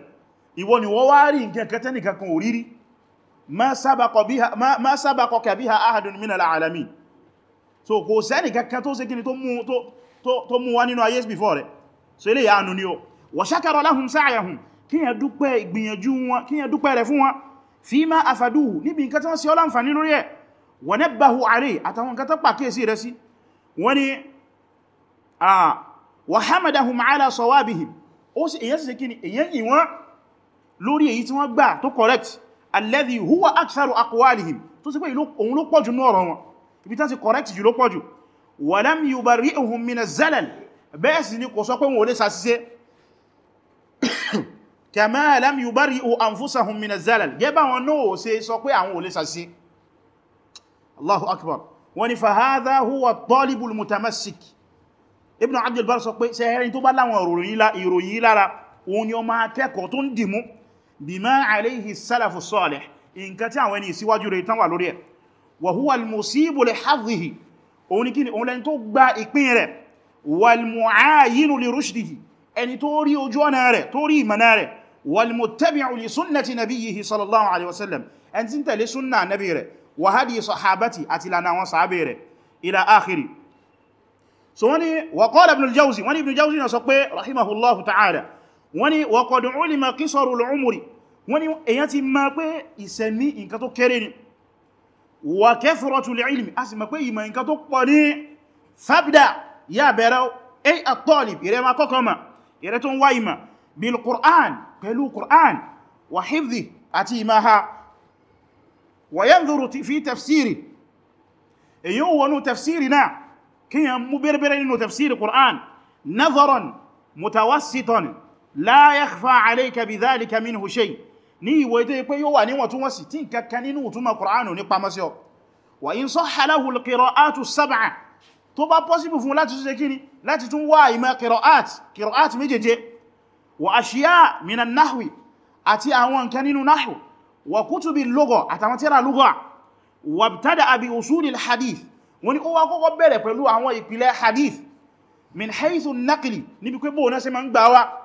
ìwọ ni wọ́n wá rí ma sábàkọ̀ kàbíhà ahadun min al'alami so kò sẹ́ni kankan tó ṣe kí ni tó mú wá nínú ayé before rẹ̀ so ilé yánu ni ó wa shakara lahum sa'yahum kí yẹn dúpẹ́ ìgbìyànjú wọn kí yẹn dúpẹ́ rẹ̀ fún wọn fi ma afaduhu níbi nǹkan tán sí ọlànfàní lórí ẹ̀ wa nabbahu alayhi àtàwọn nǹkan tán pàkíyèsí rẹ̀ sí wọ́n ni wa hamadahum ala sawabihim ó sì lórí èyí tí wọ́n gbà tó correct alladhi huwa aktharu aqwalihim tó sì pé òun ló pọ̀jù ní ọ̀rọ̀ wọn ibi tán ti correct jù ló pọ̀jù walam yubarri'uhum min az-zalal bẹ́ẹ̀ sì ni kò sọ pé wọn ò lè sàṣìṣe kama lam yubarri'u anfusahum min az-zalal gẹ́bà wọn náà ò ṣe sọ pé àwọn ò lè sàṣìṣe Allahu akbar bima alayhi as-salafu as-salih nǹkan tí àwọn ẹni ìsíwájú rẹ̀ tán wà lórí ẹ̀ wa huwa al-musibu li hadhihi òun ni kíni òun lẹni tó gba ìpín rẹ̀ wal-mu'ayinu li rushdihi ẹni tó rí ojú ọ̀nà rẹ̀ tó rí ìmọ̀nà rẹ̀ wal-muttabi'u li sunnati nabiyyihi sallallahu wọ́n ni oli ma kí sọ̀rọ̀ lọ́mùrì wọ́n ni èyàn ti ma pé ìsẹ̀mí nǹkan tó kéré ni wà lè ilmi a sì ma pé ìmọ̀ nǹkan tó pọ̀ ní fàbídà yà bẹ̀rẹ̀ ay at ìrẹ́ ma kọ́kọ́ ma ìrẹ́ tó ń wá ìmọ̀ bil qur'an pẹ̀lú qur'an wà hifdhi àti ìmọ̀ ha wà yanzuru fi tafsiri èyí wọnú tafsiri náà kíyàn mú bẹ̀rẹ̀ nínú tafsiri qur'an nazaran mutawassitan la yakhfa alayka bidhalika minhu shay ní ìwọ̀ ètò pé yóò wà níwọ̀ntúnwọ̀nsì tí kankan nínú ìtumọ̀ Kùránù ní pamọ́ sí ọ wa in sahha lahu al-qira'atu as-sab'a tó bá pọ́síbù fún láti ṣe kíni láti tún wá ìmọ̀ qira'at qira'at méjèje wa ashiya' min an-nahwi àti àwọn nǹkan nínú nahwu wa kutubi al-lugha àtàwọn tírà wọ́n ní ó wá kọ́kọ́ bẹ̀rẹ̀ pẹ̀lú àwọn ìpìlẹ̀ hadith min haythu an níbi pé náà ṣe máa ń gbà wá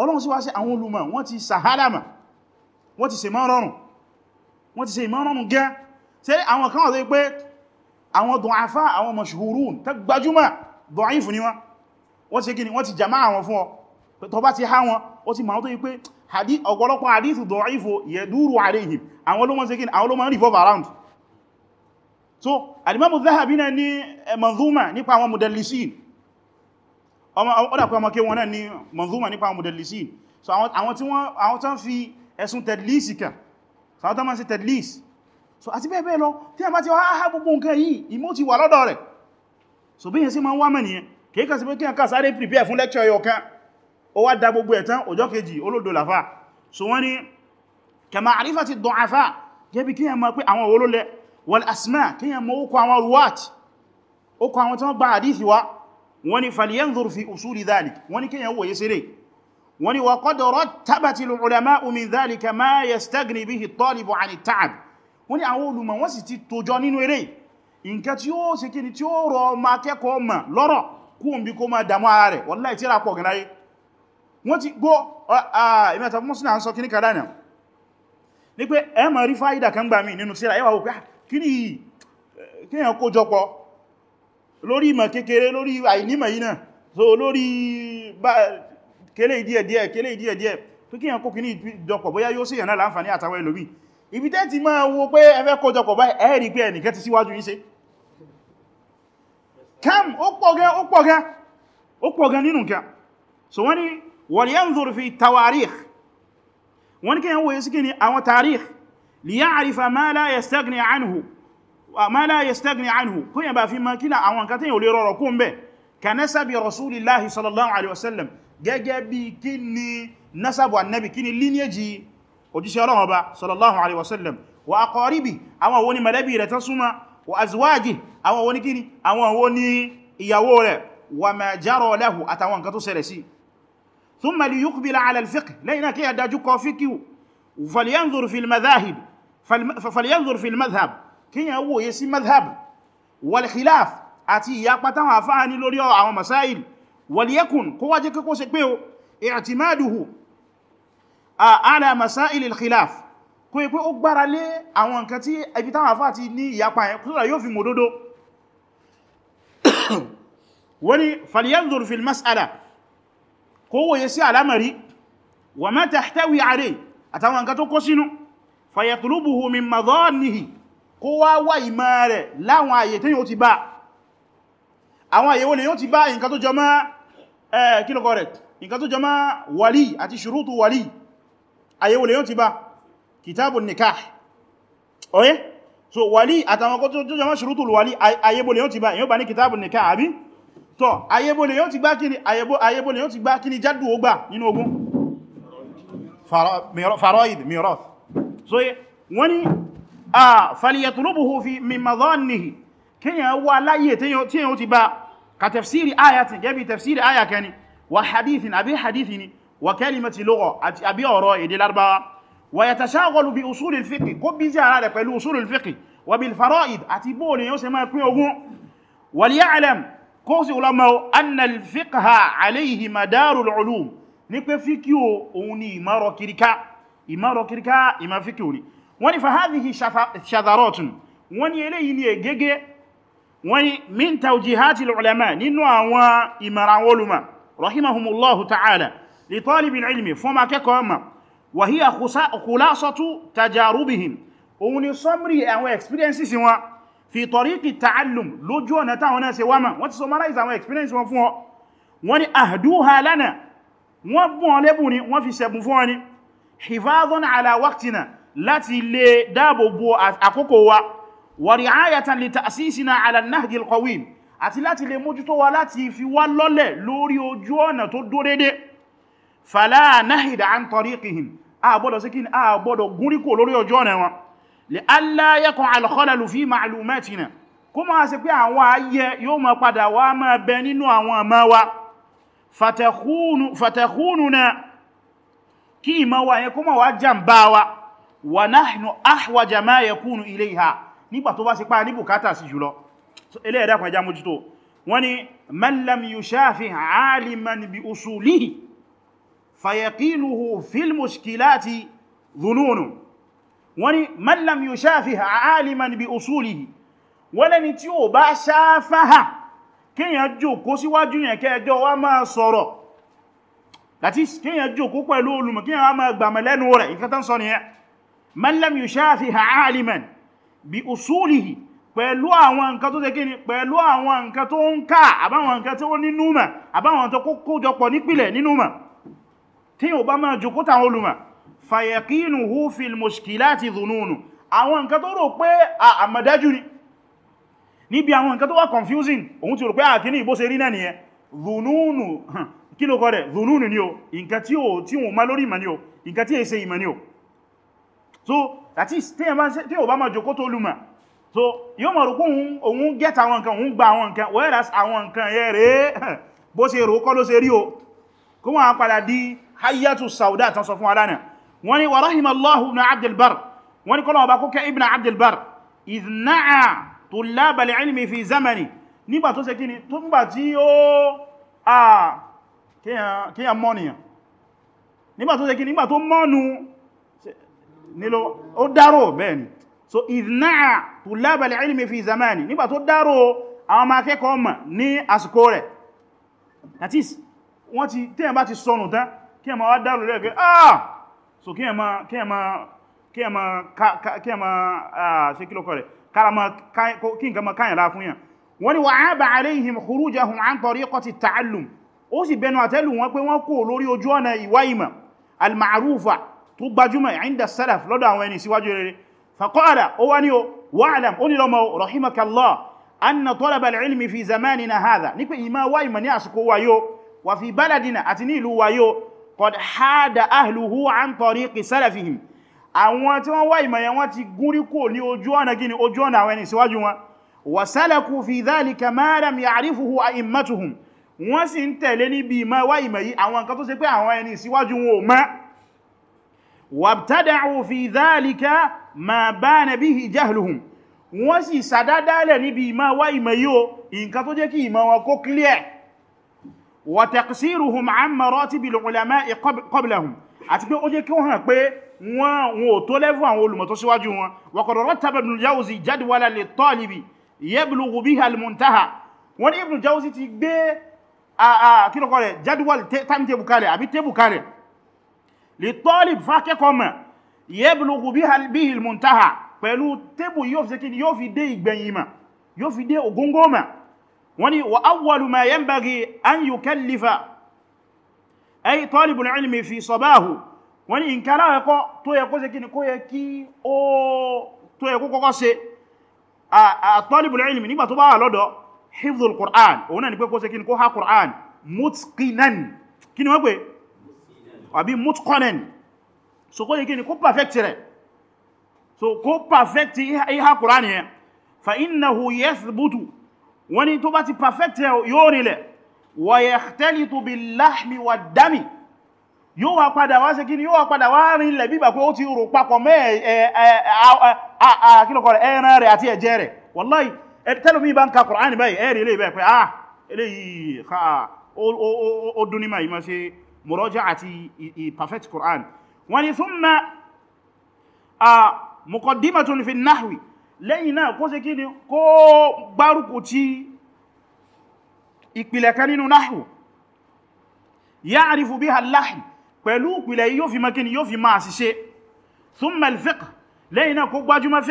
ọlọ́run sí wá sí àwọn olùmọ̀ wọ́n ti sàhádàmà wọ́n ti ṣe mọ́ rọrùn wọ́n ti ṣe ìmọ̀ rọrùn gẹ́ ṣe àwọn kan wọ́n pé àwọn dọ̀nàfà àwọn mashhurun tó gbajúmọ̀ dọ̀ífù ni wọ́n wọ́n ti gini wọ́n ti jama àwọn fún ọ tó bá ti há wọn ó ti máa so alimamu zahabi na ni eh, manzuma nípa àwọn mudallisin ọdàpẹ́ ọmọ kí wọn náà ní manzuma nípa mudallisin so àwọn tí wọ́n àwọn tán fi ẹ̀sùn tedlis kà sáwọn tán máa sí tedlis so àti bẹ́ẹ̀ bẹ́ẹ̀ lọ tí a bá ti wá áhá gbogbo nǹkan yìí ìmọ̀ ti wà lọ́dọ̀ rẹ̀ so bí yẹn sí ma ń wá mẹ́ nìyẹn kìíkà sí pé kí a ká sáré prepare fún lecture yọ kan ó wá da gbogbo ẹ̀tán ọjọ́ kejì olódo làfà so wọ́n ni kama àrífàtì du'afa gẹ́bí kí a mọ̀ pé àwọn olólẹ̀ wal asma kí a mọ̀ ó kọ àwọn ruwat ó kọ àwọn tí wọ́n gba àdífì wọ́n ni falyanzur fi usuli dhalik wọ́n ni kíyàn wòye sílé wọ́n ni wa qad rattabati al-ulama'u min dhalika ma yastaghni bihi at-talibu 'an at-ta'ab wọ́n ni àwọn olùmọ̀ wọ́n sì ti tòjọ nínú eré nǹkan tí ó ṣe kí ni tí ó rọ ọmọ akẹ́kọ̀ọ́ mọ̀ lọ́rọ̀ kún bí kó máa lórí ìmọ̀ kékeré lórí àìnímọ̀ yìí náà so lórí bá kélé ìdíẹ̀ díẹ̀ kélé ìdíẹ̀ díẹ̀ tó kí yàn kó kì ní ìjọpọ̀ bóyá yóò sí yàn náà láǹfàní àtàwọn ẹlòmí ibi tẹ́ ti máa wo pé ẹfẹ́ kó jọpọ̀ bá ẹ̀rí pé ẹnìkẹ́ ti síwájú yín ṣe kam ó pọ̀ ó pọ̀ so wọ́n ni wal yanzur fi tawarikh wọ́n ni kí yàn wòye sí kí ni ma la yastagni anhu kó yẹn bá fi ma kílà àwọn nǹkan tí yẹn ò lè rọrọ̀ kún bẹ̀ ka nasabi rasulillahi sallallahu alaihi wasallam gẹ́gẹ́ bí kí ni nasabu annabi kí ni lineage òjíṣẹ́ ọlọ́run ọba sallallahu alaihi wasallam wa aqaribi àwọn wo ni mẹ̀lẹ́bí rẹ̀ tán súnmọ́ wa azwaji àwọn wo ni kí ni àwọn wo ni ìyàwó rẹ̀ wa ma jaro àtàwọn nǹkan tó ṣẹlẹ̀ sí thumma li yuqbila ala al-fiqh lẹ́yìn náà kí yà dájú kọ fíkíw falyanzur fi al kíyàn wòye sí madhab walkhilaf àti ìyapa táwọn àfáà ní lórí àwọn masáìl waliyakun kó wá jẹ́ kó ṣe pé o i'timaduhu ala masáìl alkhilaf kó yí pé ó gbára lé àwọn nǹkan tí ibi táwọn àfáà ti ní ìyapa yẹn kó yóò fi min madhannihi kó wá wá ìmọ̀ rẹ̀ láwọn àyè tí yóò ti bá àwọn àyè wo lè yóò ti bá nǹkan tó jọ mọ́ ẹ̀ kí ló kọ́ rẹ̀ nǹkan tó jọ mọ́ wàlí àti ṣùrútù wàlí àyè wo lè yóò ti bá kìtàbù nikah oye so wàlí àtàwọn kó tó jọ mọ́ ṣùrútù wàlí àyè wo lè yóò ti bá yóò bá ní kìtàbù nikah àbí tọ́ àyè wo lè yóò ti فليطلبه في من مظانه kíyàn wà láyé tí yàn ó ti bá ka tafsiri ayatin gẹ́bí tafsiri aya kẹni wa hadithin àbí hadithi ni wa kalimati lugha àbí ọ̀rọ̀ èdè larbawa wa yatashaghalu bi usulil fiqh kó bí jẹ́ ara rẹ̀ pẹ̀lú usulil fiqh wa bil fara'id àti bóòlù yóò ṣe máa pín ogún wa liya'lam kó sì ulama anna al fiqha alayhi madarul ulum ní pé fíkí òun ni ìmọ̀rọ̀ kìríká ìmọ̀rọ̀ kìríká ìmọ̀ fíkí wọ́n ni fahadihi ṣadarotun wọ́n ni eléyìí ni ègégé wọ́n ni min taujihati ulama nínú àwọn ìmọ̀ràn olùmọ̀ rahimahumullahu ta'ala li talibil ilmi fún ma kẹ́kọ̀ọ́ ma wa hiya khulasatu tajarubihim wọ́n ti summarize ni wọ́n fi sẹ̀bùn fún ọ ni hifadhan ala láti lè dáàbòbò àkókò wa wa ri'ayatan li ta'sisina 'ala an-nahji al-qawim àti láti lè mójútó wa láti fi wá lọ́lẹ̀ lórí ojú ọ̀nà tó dórédé fala nahida 'an tariqihim a gbọ́dọ̀ sí a gbọ́dọ̀ gúnríkò lórí ojú ọ̀nà wọn li'alla yaqa' al fi ma'lumatina kó máa ṣe pé àwọn ayẹ yóò máa padà wá máa bẹ nínú àwọn àmá wa fatakhununa kí ìmọ̀ wa yẹn kó máa wá jàmbá wa wa nahnu ahwaja ma yakunu ilayha nígbà tó bá ṣe pa ní bùkátà sí jùlọ so ele ẹ̀dá kan ja mójútó wọ́n ní man lam yushafi aliman bi usulihi fayaqiluhu fil mushkilati dhununu wọ́n ní man lam yushafi aliman bi usulihi wọ́n lẹ́ni tí ó bá ṣáfáhà kíyàn jókòó síwájú yẹn kẹjọ wá máa sọ̀rọ̀ that is kíyàn jókòó pẹ̀lú olùmọ̀ kíyàn wá máa gbàmọ̀ rẹ̀ ìkẹta ń sọ nìyẹn man lam yushafiha aliman bi usulihi pẹ̀lú àwọn nǹkan tó tẹ́kí ni pẹ̀lú àwọn nǹkan tó ń ká àbáwọn nǹkan tó ní númà àbáwọn tó kókó jọpọ̀ nípìlẹ̀ ní númà tí yóò bá máa jù kótà olùmà fàyẹ̀kínú hù fil mushkilati dhununu àwọn nǹkan tó rò pé àmàdájú ni níbi àwọn nǹkan tó wà confusing òun ti rò pé àkíní ìbó ṣe rí náà nìyẹn dhununu kí ló kọ́ rẹ̀ dhununu ni o nǹkan so that is tí o bá máa jòkó tó lùmọ̀ so yóò mọ̀ rúkú òun gẹ́ta àwọn nǹkan òun gba àwọn nǹkan whereas àwọn nǹkan yẹ rẹ̀ bó ṣe rò kọ́ ló ṣe rí o kó wọ́n padà di hayatu sauda tán sọ fún alánà wọ́n wa rahimallahu ibn abdulbar wọ́n ni kọ́lọ̀ ọba ke ibn abdulbar Iznaa tullab al-ilmi fi zamani nígbà tó ṣe kí ni tó ń gbà tí ó à kíyàn mọ́nìyàn nígbà tó ṣe kí ni nígbà tó mọ́nu nílò ó dárò bẹ́ẹ̀ni so ìdínáà tó lábàlẹ̀ ilmi fi zamani nígbà tó dárò àwọn ọmọ akẹ́kọ̀ọ́ mọ̀ ní àsìkò rẹ̀ that is wọ́n ti tẹ́yàn bá ti sọnù tán kí ẹmà wá dárò rẹ̀ pé ah so kí ẹmà kí ẹmà kí ẹmà kí ẹmà ṣe kí lọ́kọ̀ rẹ̀ kí nǹkan ma káyànlá fún yàn wọ́n ni wà á bà alayhim khurujahum an tariqati ta'allum ó sì bẹnu àtẹ́lù wọn pé wọ́n kò lórí ojú ọ̀nà ìwá ìmọ̀ al-ma'rufa tó gbajúmọ̀ inda salaf lọ́dọ̀ àwọn ẹni síwájú rere faqala ó wá ní o wa'lam ó nílọ́mọ̀ rahimakallah anna talaba al-ilmi fi zamanina hadha ní pé ìmá wá ìmọ̀ ní àsìkò wáyó wà fi baladina àti ní ìlú wáyó qad hada ahluhu an tariqi salafihim àwọn tí wọ́n wá ìmọ̀ yẹn wọ́n ti gúnrí kò ní ojú ọ̀nà gini ojú ọ̀nà àwọn ẹni síwájú wọn wa salaku fi dhalika ma lam ya'rifuhu a'immatuhum wọ́n sì ń tẹ̀lé níbi ìmọ̀ wá ìmọ̀ yìí àwọn nǹkan tó ṣe pé àwọn ẹni síwájú wọn ò mọ̀ wàbtádàáwò fi dhalika ma bana bihi jahluhum wọ́n sì sàdádálẹ̀ níbi ìmá wá ìmọ̀ yíò nǹkan tó jẹ́ kí ìmọ̀ wọn kó clear wa taqsiruhum an maratibil ulama'i qablahum àti pé ó jẹ́ kí wọ́n hàn pé wọ́n ò tó level àwọn olùmọ̀ tó síwájú wọn wa ti gbé jadwal timetable للطالب فاكẹ́ kọmọ̀ yẹ́bùlùkù bí i muntaha pẹ̀lú tébù yóò fi kí yóò fi dé ìgbẹ̀yìn mà yóò fi dé ògóngó mà wọ́n ni wa awwalu ma yanbaghi an yukallifa ay talibul ilmi fi sabahu wọ́n ni ìkàrà ẹ̀kọ́ tó yẹ kó ṣe kí ni kó yẹ kí ó àbí mutqanan so kó yẹ kí ni kó perfect rẹ̀ so kó perfect ihá Qur'an yẹn fa innahu yathbutu wọ́n ni tó bá ti perfect rẹ̀ yóò rinlẹ̀ wa yakhtalitu bil lahmi wad dami yóò wá padà wá ṣe kíni yóò wá padà wá rinlẹ̀ bíbà pé ó ti rò papọ̀ mẹ́ ẹran rẹ̀ àti ẹ̀jẹ̀ rẹ̀ wallahi tẹ́lùmí bá ń mọ̀rọ́já àti perfect Quran wọ́n ni thumma muqaddimatun fi nahwi lẹ́yìn náà kó ṣe kí ni kó gbárùkù ti ìpìlẹ̀ kan nínú nahwu ya'rifu biha al-lahm pẹ̀lú ìpìlẹ̀ yóò fi makini yóò fi máa ṣiṣẹ́ thumma al-fiqh lẹ́yìn náà kó gbájúmọ́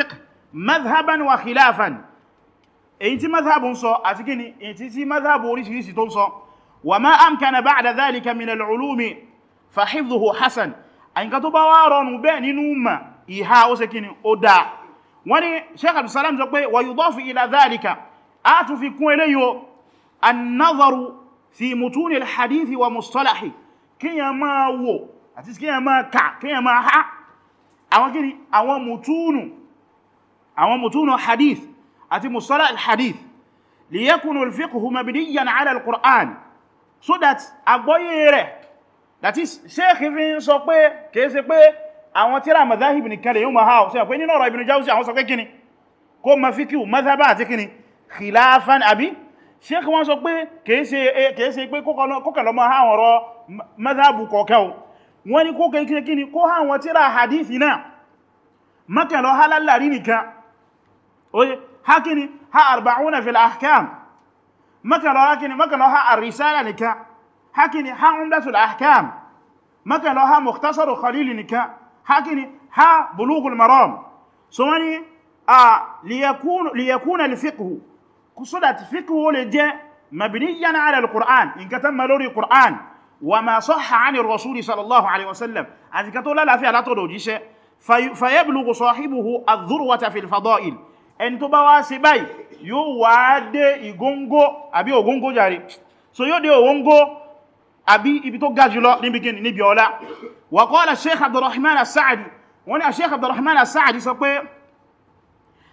وما أمكن بعد ذلك من العلوم فحفظه حسن أنك تبوارون بين نوم إيها وسكين أدا وني شيخ عبد السلام زقبي ويضاف إلى ذلك آت في كويليو النظر في متون الحديث ومصطلحه كي ما وو أتس كي ما كا كي ما ها أو كي أو متون أو متون حديث أتي مصطلح الحديث ليكن الفقه مبنيا على القرآن so that agbóyé rẹ̀ that is sheikh fi ń sọ pé kìí ṣe pé àwọn tíra mazahib nìkan lè yíò ma hao sí ọ̀pẹ́ nínú ọ̀rọ̀ Ibn Jawzi àwọn sọ pé kíni kó ma fi kíù mazhaba àti kíni khilafan àbí sheikh wọ́n sọ pé kìí eh, ṣe pé kókànlọ ma hao ọ̀rọ̀ mazhabu kọ̀ọ̀kẹ́ wọ́n ni kókè kíni kó àwọn tíra hadith náà mọ́kànlọ halallari nìkan oye ha kíni ha arba'una fil ahkam mọ́kànlọ hákíní mọ́kànlọ ha àrísára nìkan hákíní ha umdatul ahkam mọ́kànlọ ha mukhtasaru khalili nìkan hákíní ha bulugul maram so wani a liyakuna alfiqhu so that fiqhu le jẹ́ mabniyan ala alquran in ka tamma lórí quran wa ma sahha ani rasuli sallallahu alaihi wasallam àti ka tó lálàáfíà látọ̀dọ̀ òjíṣẹ́ fayablughu sahibuhu adh-dhurwata fil fadail ẹni tó bá wá ṣe báyìí yóò wá dé ìgóngó àbí ògóngó jàre so yóò dé ògóngó àbí ibi tó ga jùlọ níbi kí níbi ọlá wa qala sheikh abdurrahman as-sa'di wọ́n ni a sheikh abdurrahman as-sa'di sọ pé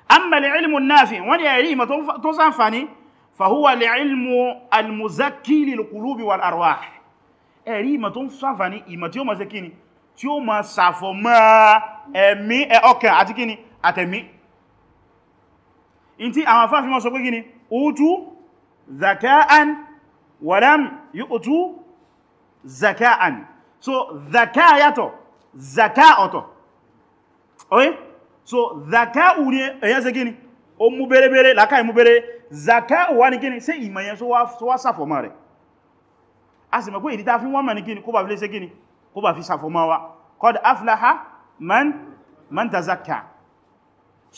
amma al-ilmu an-nafi wọ́n ni ẹ̀rí ìmọ̀ tó ṣàǹfààní fa huwa al-ilmu al-muzakki lil-qulubi wal-arwah ẹ̀rí ìmọ̀ tó ṣàǹfààní ìmọ̀ tí ó mọ̀ sí kíni tí ó mọ̀ sàfọ̀ mọ́ ẹ̀mí ọkàn àti kíni àtẹ̀mí Inti tí àwọn afáfí mọ́ sọ pé gini utu zaka'an walam yu'tu zaka'an so zaka yàtọ̀ zaka ọ̀tọ̀ oye okay? so zaka uri ẹ̀yẹ́ ṣe gini o mú bẹ̀rẹ̀bẹ̀rẹ̀ láká ìmú bẹ̀rẹ̀ zaka wà ní gini ṣe ìmọ̀yẹn so wá sàfọ̀mọ́ rẹ̀ a sì mọ̀ pé ìdí ta fi wọ́n mọ̀ ní gini kó bá fi man man tazakka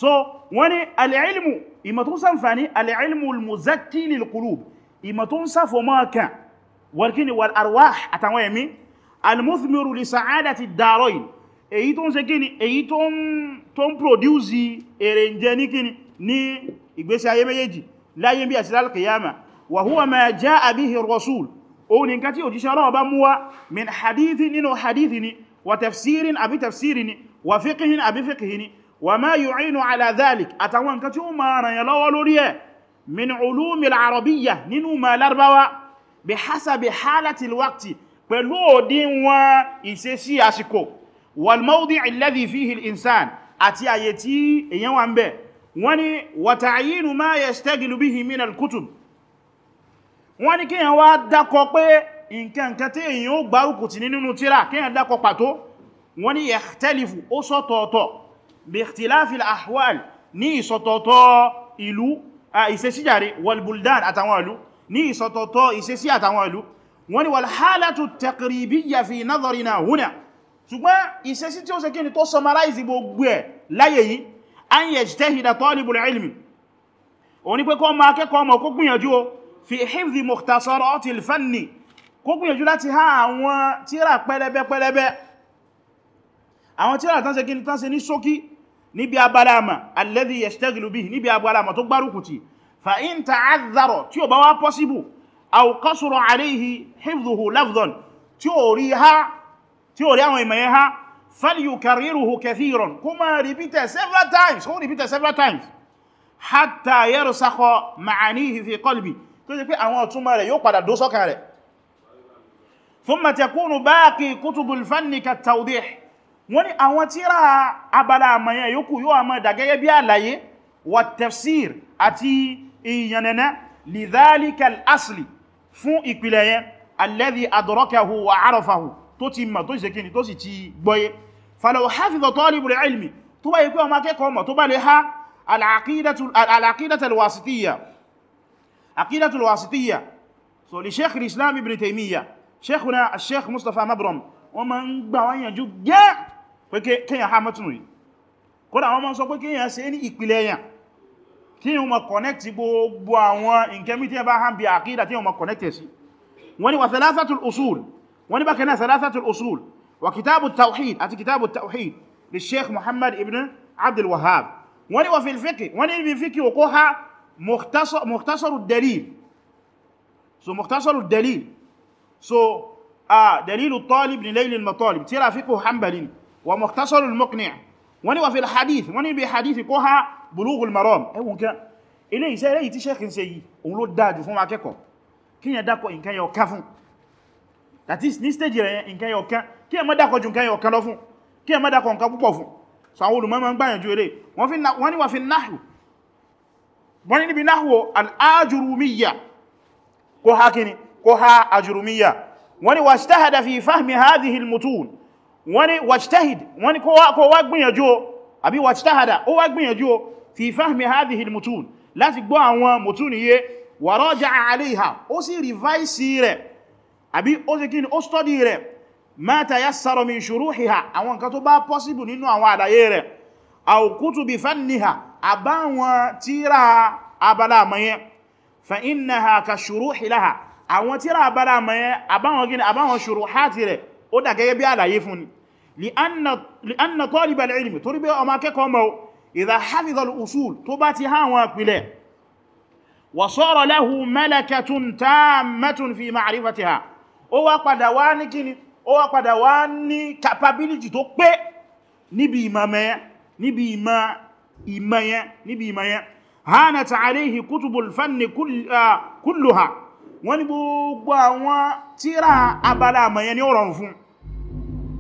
so wọ́n ní al'ilmu ìmọ̀ tó sànfàní al'ilmu al-muzakki lil qulub ìmọ̀ tó ń sáfò mọ́ kan wal-kini wal-arwah àtàwọn ẹ̀mí al-muthmiru li sa'adati ad-darain èyí tó ń ṣe kíni èyí tó ń prodúsì èrè jẹ ní kíni ní ìgbésí ayé méjèèjì láyé bí àti lálkìyàmà wa huwa ma jaa bihi rasul òun nǹkan tí òjíṣẹ́ Ọlọ́run bá mú wá min hadithi nínú hadithi ni wa tafsirin àbí tafsirin wa fiqhin àbí fiqhin ni wa ma yu'inu ala dhalik àtàwọn nǹkan tí ó ma ràn yàn lọ́wọ́ lórí ẹ̀ min ulumil arabiyya nínú ma larbawa bi hasabi halatil waqti pẹ̀lú òdín wọn ìṣesí àsìkò wal mawdi' alladhi fihi al-insan àti àyè tí èyàn wà ń bẹ̀ wọ́n ni wa ta'yinu ma yashtagilu bí ikhtilafil ahwal ní ìsọ̀tọ̀tọ̀ ìlú ìsẹsíjàre walbuldan àtàwọn ìlú ní ìsọ̀tọ̀tọ̀ ìsẹsí àtàwọn ìlú wọ́n ni walhalatu taqribiyya fi nadharina huna ṣùgbọ́n ìsẹsí tí ó ṣe kíni tó summarize gbogbo ẹ̀ láyé yìí an yajtahida talibul ilmi òní pé kọ́ máa kẹ́kọ́ ọmọ kó gbìyànjú o fi hifzi mukhtasaratil àwọn tíra pẹlẹbẹ pẹlẹbẹ àwọn tíra tán ṣe ní ṣókí níbi abalama alladhi yashtaghlu bihi níbi abalama tó gbárùkù ti fa in ta'adhdhara tí ó bá wá possible aw qasura alayhi hifdhuhu lafdhan tí ó rí àwọn ìmọ̀yẹ ha falyukarriruhu kathiran kó máa repeat several times kó repeat several times hatta yarsakha ma'anihi fi qalbi tó jẹ́ pé àwọn ọ̀túnmà rẹ̀ yóò padà dó sọ́kàn rẹ̀ thumma takunu baqi kutubul fanni kat wọ́n ní àwọn tíra abala àmàyàn yòókù yóò àmà dàgẹ́gẹ́ bí àlàyé wà tafsir àti ìyànnẹ̀nà lidhalikal asli fún ìpìlẹ̀ yẹn alladhi adrakahu wa arafahu tó ti mọ̀ tó sì sekini tó sì ti gbọ́yé falaw hafiza talibul ilmi tó bá yí pé ọmọ akẹ́kọ̀ọ́ mọ̀ tó bá lè ha al-aqidatul sheikh al-islam wọ́n ma ń gbà wọ́n yànjú pé kíyàn ha mọ́túnù yìí kódà wọ́n mọ́ sọ pé kíyàn ṣe ní ìpìlẹ̀ èyàn kí yíò mọ̀ connect gbogbo àwọn ìkẹmí tí ẹ bá ha bí àkídà tí yíò mọ̀ connect sí wọ́n ni wà thalathatul usul wọ́n ni bá kẹ́nà thalathatul usul wà kitabu tawhid àti kitabu tawhid li sheikh muhammad ibn abdul wahhab wọ́n ni wà fil fiqh wọ́n ni ibi fiqh wọ́n ha mukhtasaru dalil so mukhtasaru dalil so a ah, dalilu talib ni laylil matalib tí ra fiqh hanbali wa المقنع، وني وفي الحديث، وني بحديث hadith بلوغ المرام، bí hadith kó ha bulughul maram ẹwùn kan ilé iṣẹ́ ilé tí sẹ́kì ń ṣe yìí òun ló dájú fún akẹ́kọ̀ọ́ kí yẹn dákọ̀ nǹkan yọ ká fún that is ní stage rẹ̀ nǹkan yọ ká kí yẹn má dákọ̀ ju nǹkan yọ ká lọ fún kí yẹn má dákọ̀ nǹkan púpọ̀ fún so àwọn olùmọ̀ máa ń gbàyànjú ni wà fi nahwu wọ́n ni níbi nahwu al-ajurumiyya kó ha kíni ha ajurumiyya wọ́n ni wastahada fi fahmi hadhihi al-mutun wọ́n ní wajtahid wọ́n ní kó wá gbìyànjú o àbí wajtahada ó wá gbìyànjú o fi fahmi hadhihi al-mutun láti gbọ́ àwọn mutun yé wa raja'a 'alayha ó sì revise rẹ̀ àbí ó sì kíni ó study rẹ̀ ma tayassara min shuruhiha àwọn nǹkan tó bá possible nínú àwọn àlàyé rẹ̀ aw kutubi fanniha àbáwọn tíra abala mọ́yẹn fa innaha ka shuruhi laha àwọn tíra abala mọ́yẹn àbáwọn gini àbáwọn shuruhati rẹ̀ ó dà bí àlàyé fún ni لأن طالب العلم torí pé ọmọ akẹ́kọ̀ọ́ mọ̀ إذا حفظ الأصول tó bá ti há àwọn ìpìlẹ̀ وصار له ملكة تامة في معرفتها ó wá padà wá ní kíni ó wá padà wá ní capability tó pé níbi ìmọ̀mẹ́yẹn níbi ìmọ̀yẹn níbi ìmọ̀yẹn hánàtà aléhì kútùbùl fanni kulluha wọ́n ní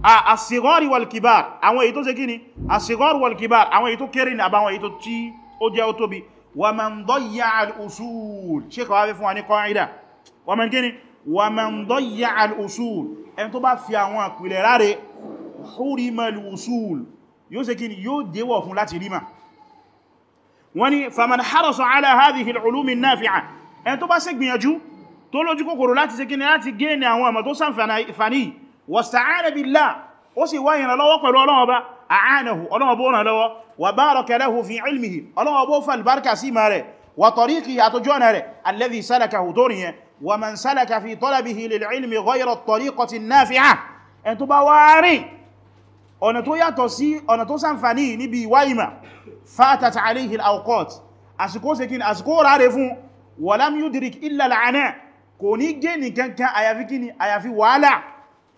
àṣìgọ́rì wàlkìbàr àwọn èyí tó ṣe kíni àṣìgọ́rì wàlkìbàr àwọn èyí tó kéré ní àbáwọn èyí tó tí ó jẹ́ ó tóbi wa man dayya al-usul ṣe kọwàá fún wa ní kọ́ìdá wa man kíni wa man dayya al-usul ẹni tó bá fi àwọn àpìlẹ̀ ráre hurima al-usul yóò ṣe kíni yóò déwọ̀ fún láti rímà wọ́n ni faman wasta'ana billah ó sì wá ìrànlọ́wọ́ pẹ̀lú Ọlọ́run Ọba a'anahu Ọlọ́run Ọba ràn lọ́wọ́ wa baraka lahu fi ilmihi Ọlọ́run Ọba fa albarka sí ma rẹ̀ wa tariqihi àtọjú ọ̀nà rẹ̀ alladhi salakahu kò ní gẹ́ nìkankan àyàfi kíni àyàfi wàhálà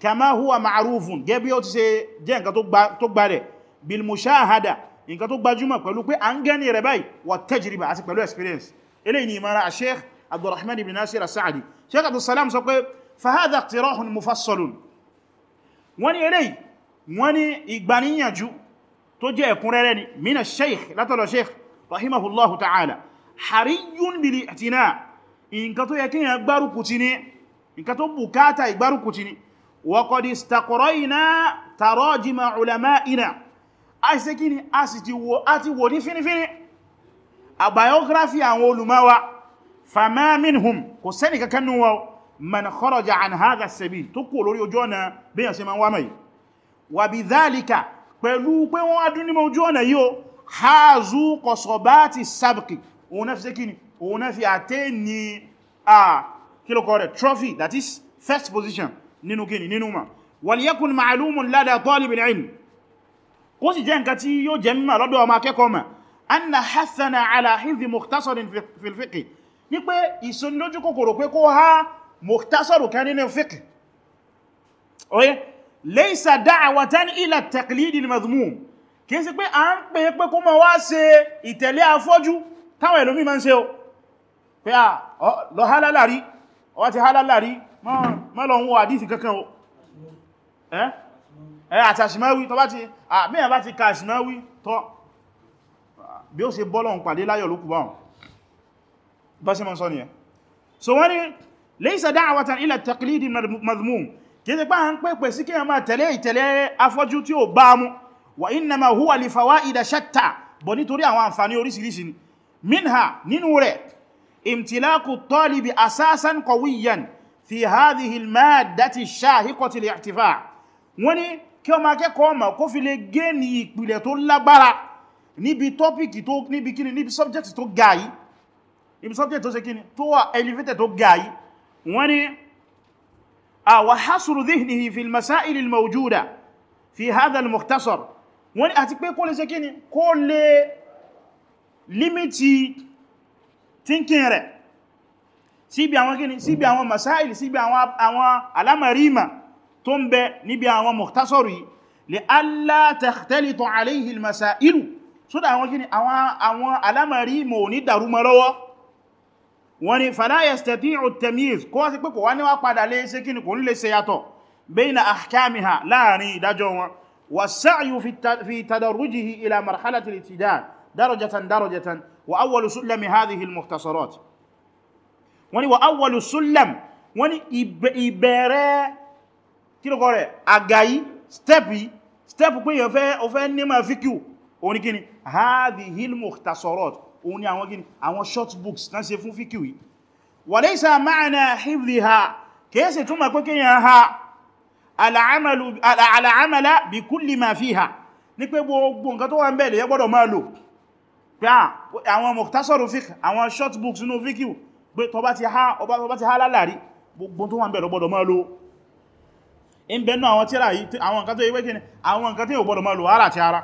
kama huwa ma'arufun gẹ́ bí ó ti ṣe jẹ́ nǹkan tó gbá rẹ̀ bil mushahada nǹkan tó gbajúmọ̀ pẹ̀lú pé a ń gẹ́ni rẹ̀ báyìí wà tẹ́jìrìbà àti pẹ̀lú experience eléyìí ni ìmọ̀ra a sheikh abdurrahman ibn nasir as-sa'di sheikh abdulsalam sọ pé fahadha iqtirahun mufassalun wọ́n ni eléyìí wọ́n ni ìgbaníyànjú tó jẹ́ ẹ̀kúnrẹ́rẹ́ ni mina sheikh látọ̀lọ̀ sheikh rahimahullahu ta'ala hariyun bil i'tina nǹkan tó yẹ kí yẹn ti ni nǹkan tó bùkátà ìgbárùkù ti ni وقد استقرينا تراجم علمائنا أسكيني أسيتي وآتي ودي فيني فيني أبايوغرافي عن علماء فما منهم كسنك كنوا من خرج عن هذا السبيل تقول لي جونا بيان سيما وامي وبذلك pẹ̀lú pé wọ́n adún ní ojú ọ̀nà yíò hazu kọsọ̀báti sabki òun náà fi ṣe kíni òun náà fi àtẹ́ ní à kílòkọ̀ rẹ̀ trophy that is first position nínú kíni nínú ma waliyakun ma'alumun lada talibul ilm kó sì jẹ́ nǹkan tí yóò jẹ́ mímọ̀ lọ́dọ̀ ọmọ akẹ́kọ̀ọ́ ma anna hasana ala hifzi mukhtasarin fil fiqh ní pé ìsọnilójú kòkòrò pé kó ha mukhtasaru kan nínú fiqh oye laysa da'watan ila taqlidil má lọ ń wo àdísì kankan o ẹ́ àti àṣìmáwí tọ́ bá ti àmìyàn bá ti ka àṣìmáwí tọ́ bí ó ṣe bọ́lọ̀ ń pàdé láyọ̀ lókù báwọn bá ṣe mọ́ sọ nìyẹn so wọ́n ni laysa da'watan ila taqlidi madhmum kìí ṣe pá ń pẹ́pẹ́ sí kí ẹ máa tẹ̀lé ìtẹ̀lé afọ́jú tí ó bá mú fi hadhihi al-maddati ash-shahiqati lil-i'tifa' wọ́n ní kí ọmọ akẹ́kọ̀ọ́ ọmọ kó fi lè gé ní ìpìlẹ̀ tó lágbára níbi tọ́pìkì tó níbi kíni níbi subject tó ga yìí níbi subject tó ṣe kíni tó wà elevated tó ga yìí wọ́n ní wa hasru dhihnihi fi thinking rẹ̀ síbi àwọn gíní síbi àwọn masáìlì síbi àwọn alámarima tó ń bẹ níbi àwọn mọ̀tásọ̀rù yìí lè alátẹ̀tẹ̀lẹ̀tọ̀ aléhìl masáìlù so da àwọn gíní àwọn alámarima ò ní dàrúmọ lọ́wọ́ wọ́n ni falayestati otamiz kó wá sí pé kò wá níwá padà lé ṣe kíni kò ń lè ṣe wọ́n ní wà awwalu sulam wọ́n ní ìbẹ̀rẹ̀ kí lókọ́ rẹ̀ àgáyí stẹ́pì stẹ́pù pé yẹn fẹ́ ní máa fíkíù òun ni kíni hadhihil mukhtasarat òun ni àwọn kíni àwọn short books tán ṣe fún fíkíù yìí wa laysa ma'na hifdhiha kèése túnmà pé kíyàn ha ala amala bi kulli ma fiha ní pé gbogbo nǹkan tó wà ń bẹ̀lẹ̀ yẹ gbọ́dọ̀ máa lò pé ah, àwọn mukhtasaru fiqh fíkíù pé tó bá ti há ọba ti há lálàrí gbogbo tó wà ń bẹ̀ ló gbọ́dọ̀ máa lò in bẹ̀nú àwọn tíra yìí àwọn nǹkan tó yíwé kí ni àwọn nǹkan tí yíò gbọ́dọ̀ máa lò ara ti ara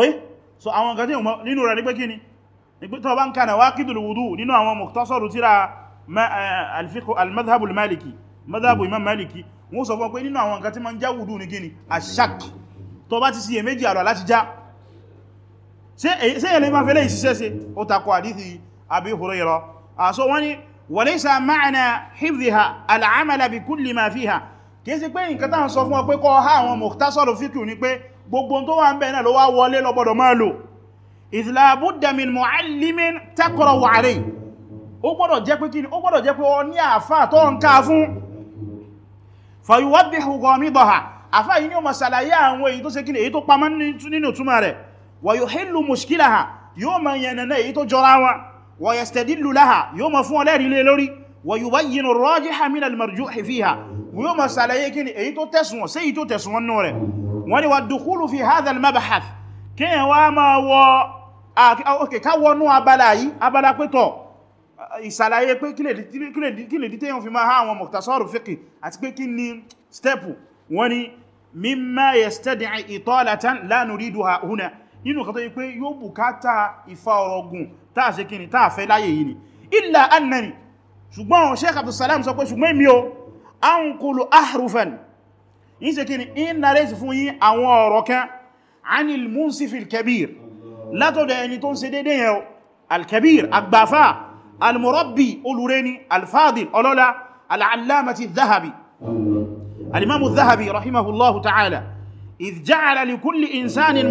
oye so àwọn nǹkan tí yíò nínú rẹ̀ ní pé kí ni ní pé tó bá ń kànà wá kídùlù wùdú nínú àwọn muktasaru tíra alfiqh almadhabu maliki madhabu imam maliki wọ́n sọ fún pé nínú àwọn nǹkan tí ma ń já wùdú já sí èyí lè máa fẹ́lẹ̀ ìṣiṣẹ́ sí ó abi hurayra ah, so wani walaysa ma'na hifdhiha al'amala bi kulli ma fiha kìí sí pé nǹkan tán sọ fún ọ pé kọ́ ha àwọn mukhtasaru fiqhu ni pé gbogbo tó wà ń bẹ̀ náà ló wá wọlé ló gbọ́dọ̀ máa lò iz la budda min mu'allimin taqra'u alayhi ó gbọ́dọ̀ jẹ́ pé kíni ó gbọ́dọ̀ jẹ́ pé ọ ní àfà tó ń ká fún fa yuwaddihu ghamidaha àfà yìí ni ó máa ṣàlàyé àwọn èyí tó ṣe kíni èyí tó pamọ́ nínú túmọ̀ wa yuhillu mushkilaha yóò máa yẹnẹ̀nẹ̀ èyí tó jọra wọn wa yastadillu laha yóò ma fún ọlẹ́rí lé lórí wa yubayyinu rajiha min al-marjuhi fiha yóò ma sàlàyé kí ni èyí tó tẹ̀sùn sí èyí tó tẹ̀sùn wọn nù rẹ̀ wọ́n ni wa dukhulu fi hadha al-mabahath kí yẹn wá ma wọ ọkẹ̀ ká wọnú abala yìí abala pẹ́tọ̀ ìsàlàyé pé kí lè dítẹ́ kan tó yí pé yóò bùkátà ìfà ọ̀rọ̀ táà ṣe kíni táà fẹ́ láyé yìí ni illa annani ṣùgbọ́n sheikh abdulsalam sọ pé ṣùgbọ́n mi o ankulu ahrufan yìí ṣe kíni in narrate fún yí àwọn ọ̀rọ̀ kan anil munsifil kabir látọ̀dọ̀ ẹni tó ń ṣe dédé yẹn alkabir agbafa almurabbi olureni alfadil ọlọ́lá al'allamati dhahabi alimamu dhahabi rahimahullahu ta'ala idh ja'ala li kulli insanin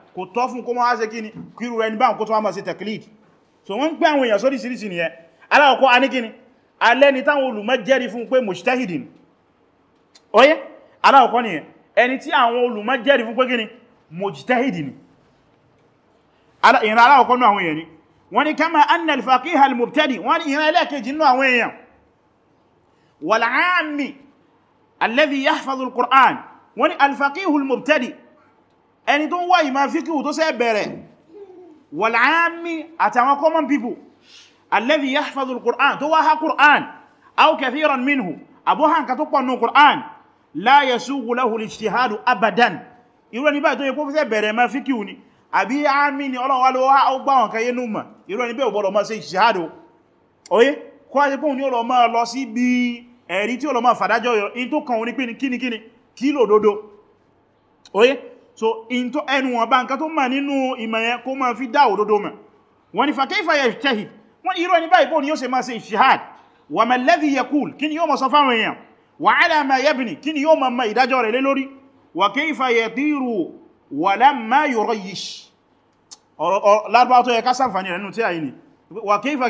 kò tọ́ fún kó máa ṣe kíni kírù ẹni báhùn kó tó máa ṣe tẹ̀klid so wọ́n ń pẹ́ àwọn èèyàn sórí sírísì ni ẹ aláwọ̀kọ́ a ní kíni alẹ́ni táwọn olùmọ̀ jẹ́rìí fún pé mujtahidin oye aláwọ̀kọ́ ni ẹni tí àwọn olùmọ̀ jẹ́rìí fún pé kíni mujtahidin ìran aláwọ̀kọ́ nú àwọn èèyàn ni wọ́n wọ́n ni ìran mubtadi ẹni tó ń wá ìmá fíkíwù tó sẹ́ bẹ̀rẹ̀ wàláàmì àtàwọn common people alladhi yahfazul Qur'an tó wá ha Qur'an aw kathiran minhu abu hanka tó pọ̀nù Qur'an la yasugu lahu al-ijtihadu abadan irú ẹni báyìí tó yẹ kó fẹ́ bẹ̀rẹ̀ ma fíkíwù ni àbí àmì ni Ọlọ́run wá ló wá gbá wọn káyé nù mà irú ẹni bẹ́ẹ̀ ò gbọ́dọ̀ máa ṣe ijtihadu oye kó wá oye so into to ẹnu wọn bá nǹkan tó mà nínú ìmọ̀ yẹn kó máa fi dá òdodo mọ̀ wọ́n ní fàkẹ́fà yẹ tẹ́hì wọ́n irọ́ ní báyìí bóò ni yóò ṣe máa ṣe ìṣìhàd wà mẹ́ lẹ́dí yẹ kúl kí ni yóò mọ̀ sọ fáwọn èèyàn wà á dàmà yẹbìnì kí ni yóò mọ̀ mọ̀ ìdájọ́ rẹ̀ lé lórí wà kẹ́fà yẹ dìrù wà lámà yọrọ yìí lárúbá tó yẹ ká sàǹfàní rẹ̀ nù tí a yìí ni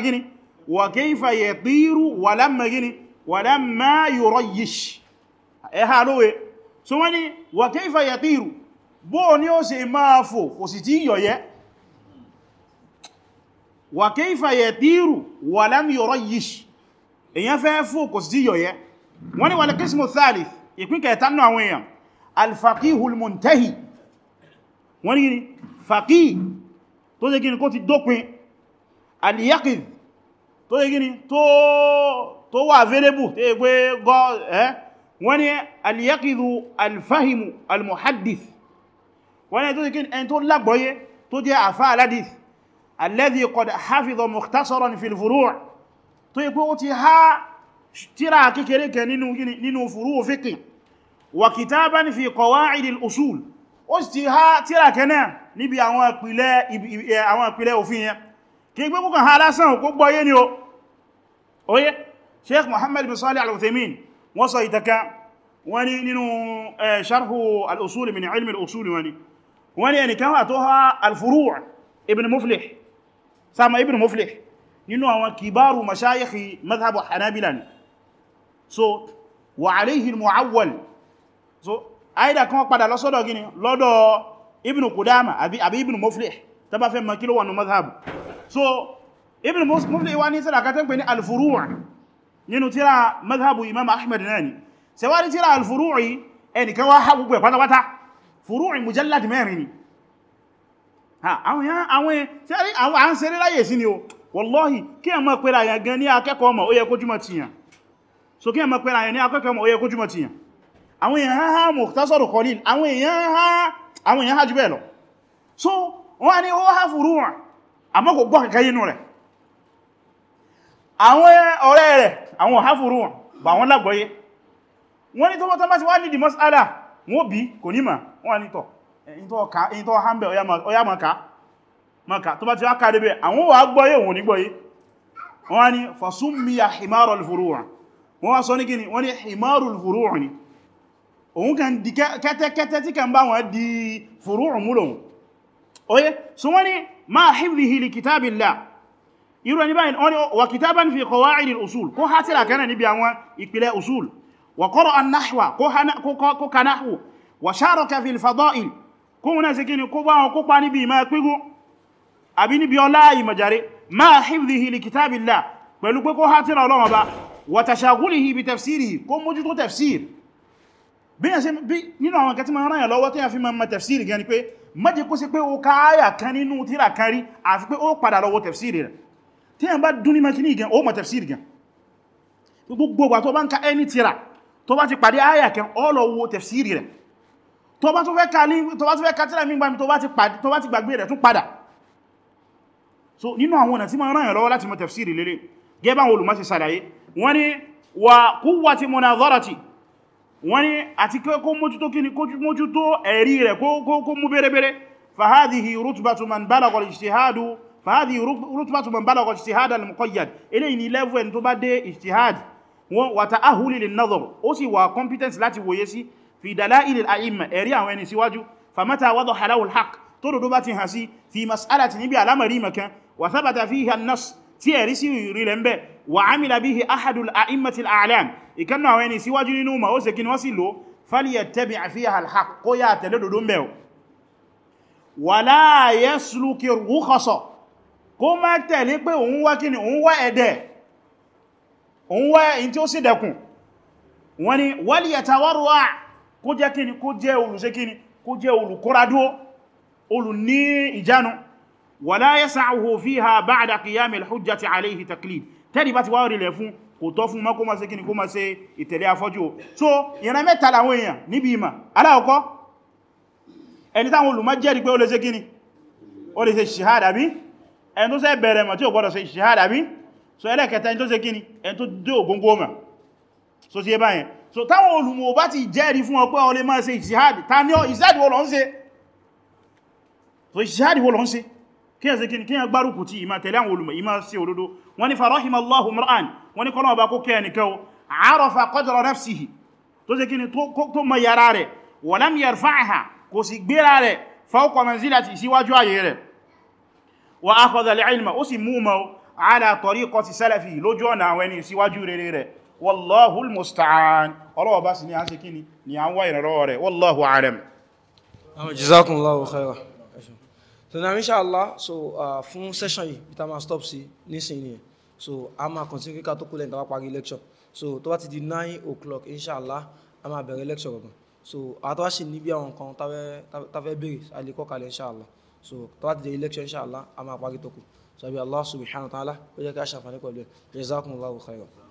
gini wà kẹ́fà yẹ dìrù wà lámà gini wà lámà yọrọ yìí ẹ ha lówe so wọ́n ni wà kẹ́fà yẹ bó ní ó ṣe máa fò kò sì tí yọ̀yẹ́ wà kayfa yatiru wà lam yurayyish èyàn fẹ́ fò kò sì tí yọ̀yẹ́ wọ́n ni wà lè qismu thalith ìpín kẹta náà àwọn èèyàn alfaqihul muntahi wọ́n ni fàkí tó jẹ́ gini kó ti dópin aliyakid tó jẹ́ gini tó wà available tó yẹ pé gọ́ wọ́n ẹni tó kín ẹni tó lágbọ́yé tó jẹ́ àfá aládìs alladhi qad hafidha mukhtasaran fil furu' tó yí pé ó ti há tíra kékeré kẹ nínú furu' fiqh wa kitaban fi qawa'id al-usul ó sì ti há tíra kẹ náà níbi àwọn ìpìlẹ̀ eh, òfin yẹn wọ́n sọ ìtaka wani nínú eh, sharhu al-usul ilmi al wani wọ́n ní ẹnìkan wà tó ha al-Furu' ibn Muflih sama ibn Muflih nínú àwọn kìbáru mashayikhi mazhabu hanabila ni so wa alayhi muawwal so aida kan padà lọ́sọ́dọ̀ gini lọ́dọ̀ ibn Qudama àbí àbí ibn Muflih ta bá fẹ́ mọ̀ kí ló wà nínú mazhabu so ibn Muflih wá ní sara katan pe ni al-Furu' nínú tírà mazhabu imam Ahmad nani se wa ni tírà al-Furu' ẹnìkan wá ha ẹ̀ pátápátá fúrú mujallad mẹ́rin ni àwọn à ń seré láyè sí ni o wallahi kí ẹ mọ́ pẹ́lá yẹn gan ní akẹ́kọ̀ọ́ ọmọ ó yẹ kó jùmọ̀ tìyàn so kí ẹ mọ́ pẹ́lá yẹn ní akẹ́kọ̀ọ́ ọmọ ó yẹ kó jùmọ̀ tìyàn àwọn èèyàn ha mukhtasar qalil àwọn èèyàn ha jù bẹ́ẹ̀ lọ so wọ́n ni ó ha fúrú ọ̀rẹ́ rẹ̀ àwọn ha fúrú wọn bà wọ́n lágbọ́yé wọ́n ni tó bọ́ta bá ti wá ní di wọ́n bí kò ní ma wọ́n ní tọ̀ èyí tó hàn bẹ̀ ọya maka maka tó bá ti wá kárí bẹ̀ àwọn wà gbọ́yé òun ní gbọ́yé wọ́n ní fasúnmíyà himarul furu'an wọ́n wá sọ ní kíni wọ́n ní himarul furu'an ni òun kan di kẹ́tẹ́kẹ́tẹ́ tí kan bá wọn di furu'an múlò oye so wọ́n ní ma hifdhihi li kitabillah وقرأ النحو كنحو وشارك في الفضائل كونا سكيني كوبا وكوبا نبي ما يقبو أبي نبي الله مجاري ما حفظه لكتاب الله بل كوكو هاتر الله با وتشاغله بتفسيره كو موجود تفسير بيان سي بي نينو àwọn kan tí ma ran yan lọ́wọ́ tí yan fi ma ma tafsir gan ni pé má jẹ́ kó ṣe pé ó ka aya kan nínú tírà kan rí àfi pé ó padà lọ́wọ́ tafsir rẹ̀ tí yan bá duni ma kini gan ó ma tafsir gan gbogbo gba tó bá ń ka any tírà tó bá ti pàdé àyà kẹ ọlọ wo tẹ̀fsìrì rẹ̀ tó bá tó fẹ́ ká ní tó bá tó fẹ́ ká tẹ́lẹ̀ mígbà mi tó bá ti gbàgbé rẹ̀ tún padà so nínú àwọn ọ̀nà tí ma ràn yàn lọ́wọ́ láti mọ̀ tẹ̀fsìrì lélẹ̀ gẹ́bà wọn olùmọ́ sí sàlàyé wọ́n ni wà kúwà ti munadharati wọ́n ni àti kó mójútó kí ni mójútó ẹ̀rí rẹ̀ kó mú bẹ́rẹ́bẹ́rẹ́ fahadihi rutubatu man balagha al-ijtihadu fahadihi rutubatu man balagha al wọn wàtà ahúlì lè nọ́dọ̀rọ̀ ó sì wà competence láti wòye sí fi dalailil a'imma ẹ̀rí àwọn ẹni síwájú famata wadọ̀ halawul haq tó dòdó bá ti hàn sí fi mas'alati níbi alamari makan wa thabata fihi an-nass tí ẹ̀rí sí rílẹ̀ mbẹ̀ wa amila bihi ahadul a'immatil a'lam ìkannu àwọn ẹni síwájú nínú ma ó se kí wọ́n sì òun wá in tí ó sì dẹkùn wọ́n ni wal yatawarra' kó jẹ́ kíni kó jẹ́ olùṣe kíni kó jẹ́ olùkóradúó olùní ìjánu wala yas'uhu fiha ba'da qiyam al-hujjati alayhi taqlid tẹ́rì bá ti wá rílẹ̀ fún kò tọ́ fún mọ́kó ma ṣe kíni kó ma ṣe ìtẹ̀lé afọ́jú so ìran mẹ́ta làwọn èèyàn níbi ìmọ̀ aláwọ̀kọ́ ẹni táwọn olùmọ̀ jẹ́rìí pé ó lè ṣe kíni ó lè ṣe ṣìhádàbí ẹni tó sẹ́ bẹ̀rẹ̀ mọ̀ tí ó gbọ́dọ̀ ṣe ṣìhádàbí so ẹlẹ́kẹta ẹni tó ṣe kíni ẹni tó dé ògóngó ọmọ so ṣe báyẹn so táwọn olùmọ̀ bá ti jẹ́rìí fún ọ pé ọ lè máa ṣe ìṣìháàdì ta ní ìṣìháàdì wọ́n lọ ń ṣe so ìṣìháàdì wọ́n lọ ń ṣe kí ẹ ṣe kíni kí ẹ gbárùkù tí ìmá tẹ̀lé àwọn olùmọ̀ ìmá ṣe òdodo wọ́n ní farahim allahu ala tariqati salafi lójú ọ̀nà àwọn ẹni síwájú rere rẹ̀ wallahul musta'an ọlọ́wọ́ bá sì ní à ń ṣe ni à ń wá ìrànlọ́wọ́ wallahu a'lam jazakumullahu khaira so now inshallah so uh, fún session yìí peter ma stop sí nísìnyí so a máa continue kíkà tó kúlẹ̀ ìtawà parí lecture so tó bá ti di 9 o'clock inshallah a máa bẹ̀rẹ̀ lecture ọ̀gbọ̀n so àtọ́wà sì níbi àwọn nǹkan tafẹ́ béèrè alẹ́kọ̀ọ́kalẹ̀ inshallah so tó bá ti di lecture inshallah a máa parí tó kù سأبي الله سبحانه وتعالى وإياك أشرف عليكم جزاكم الله خيرا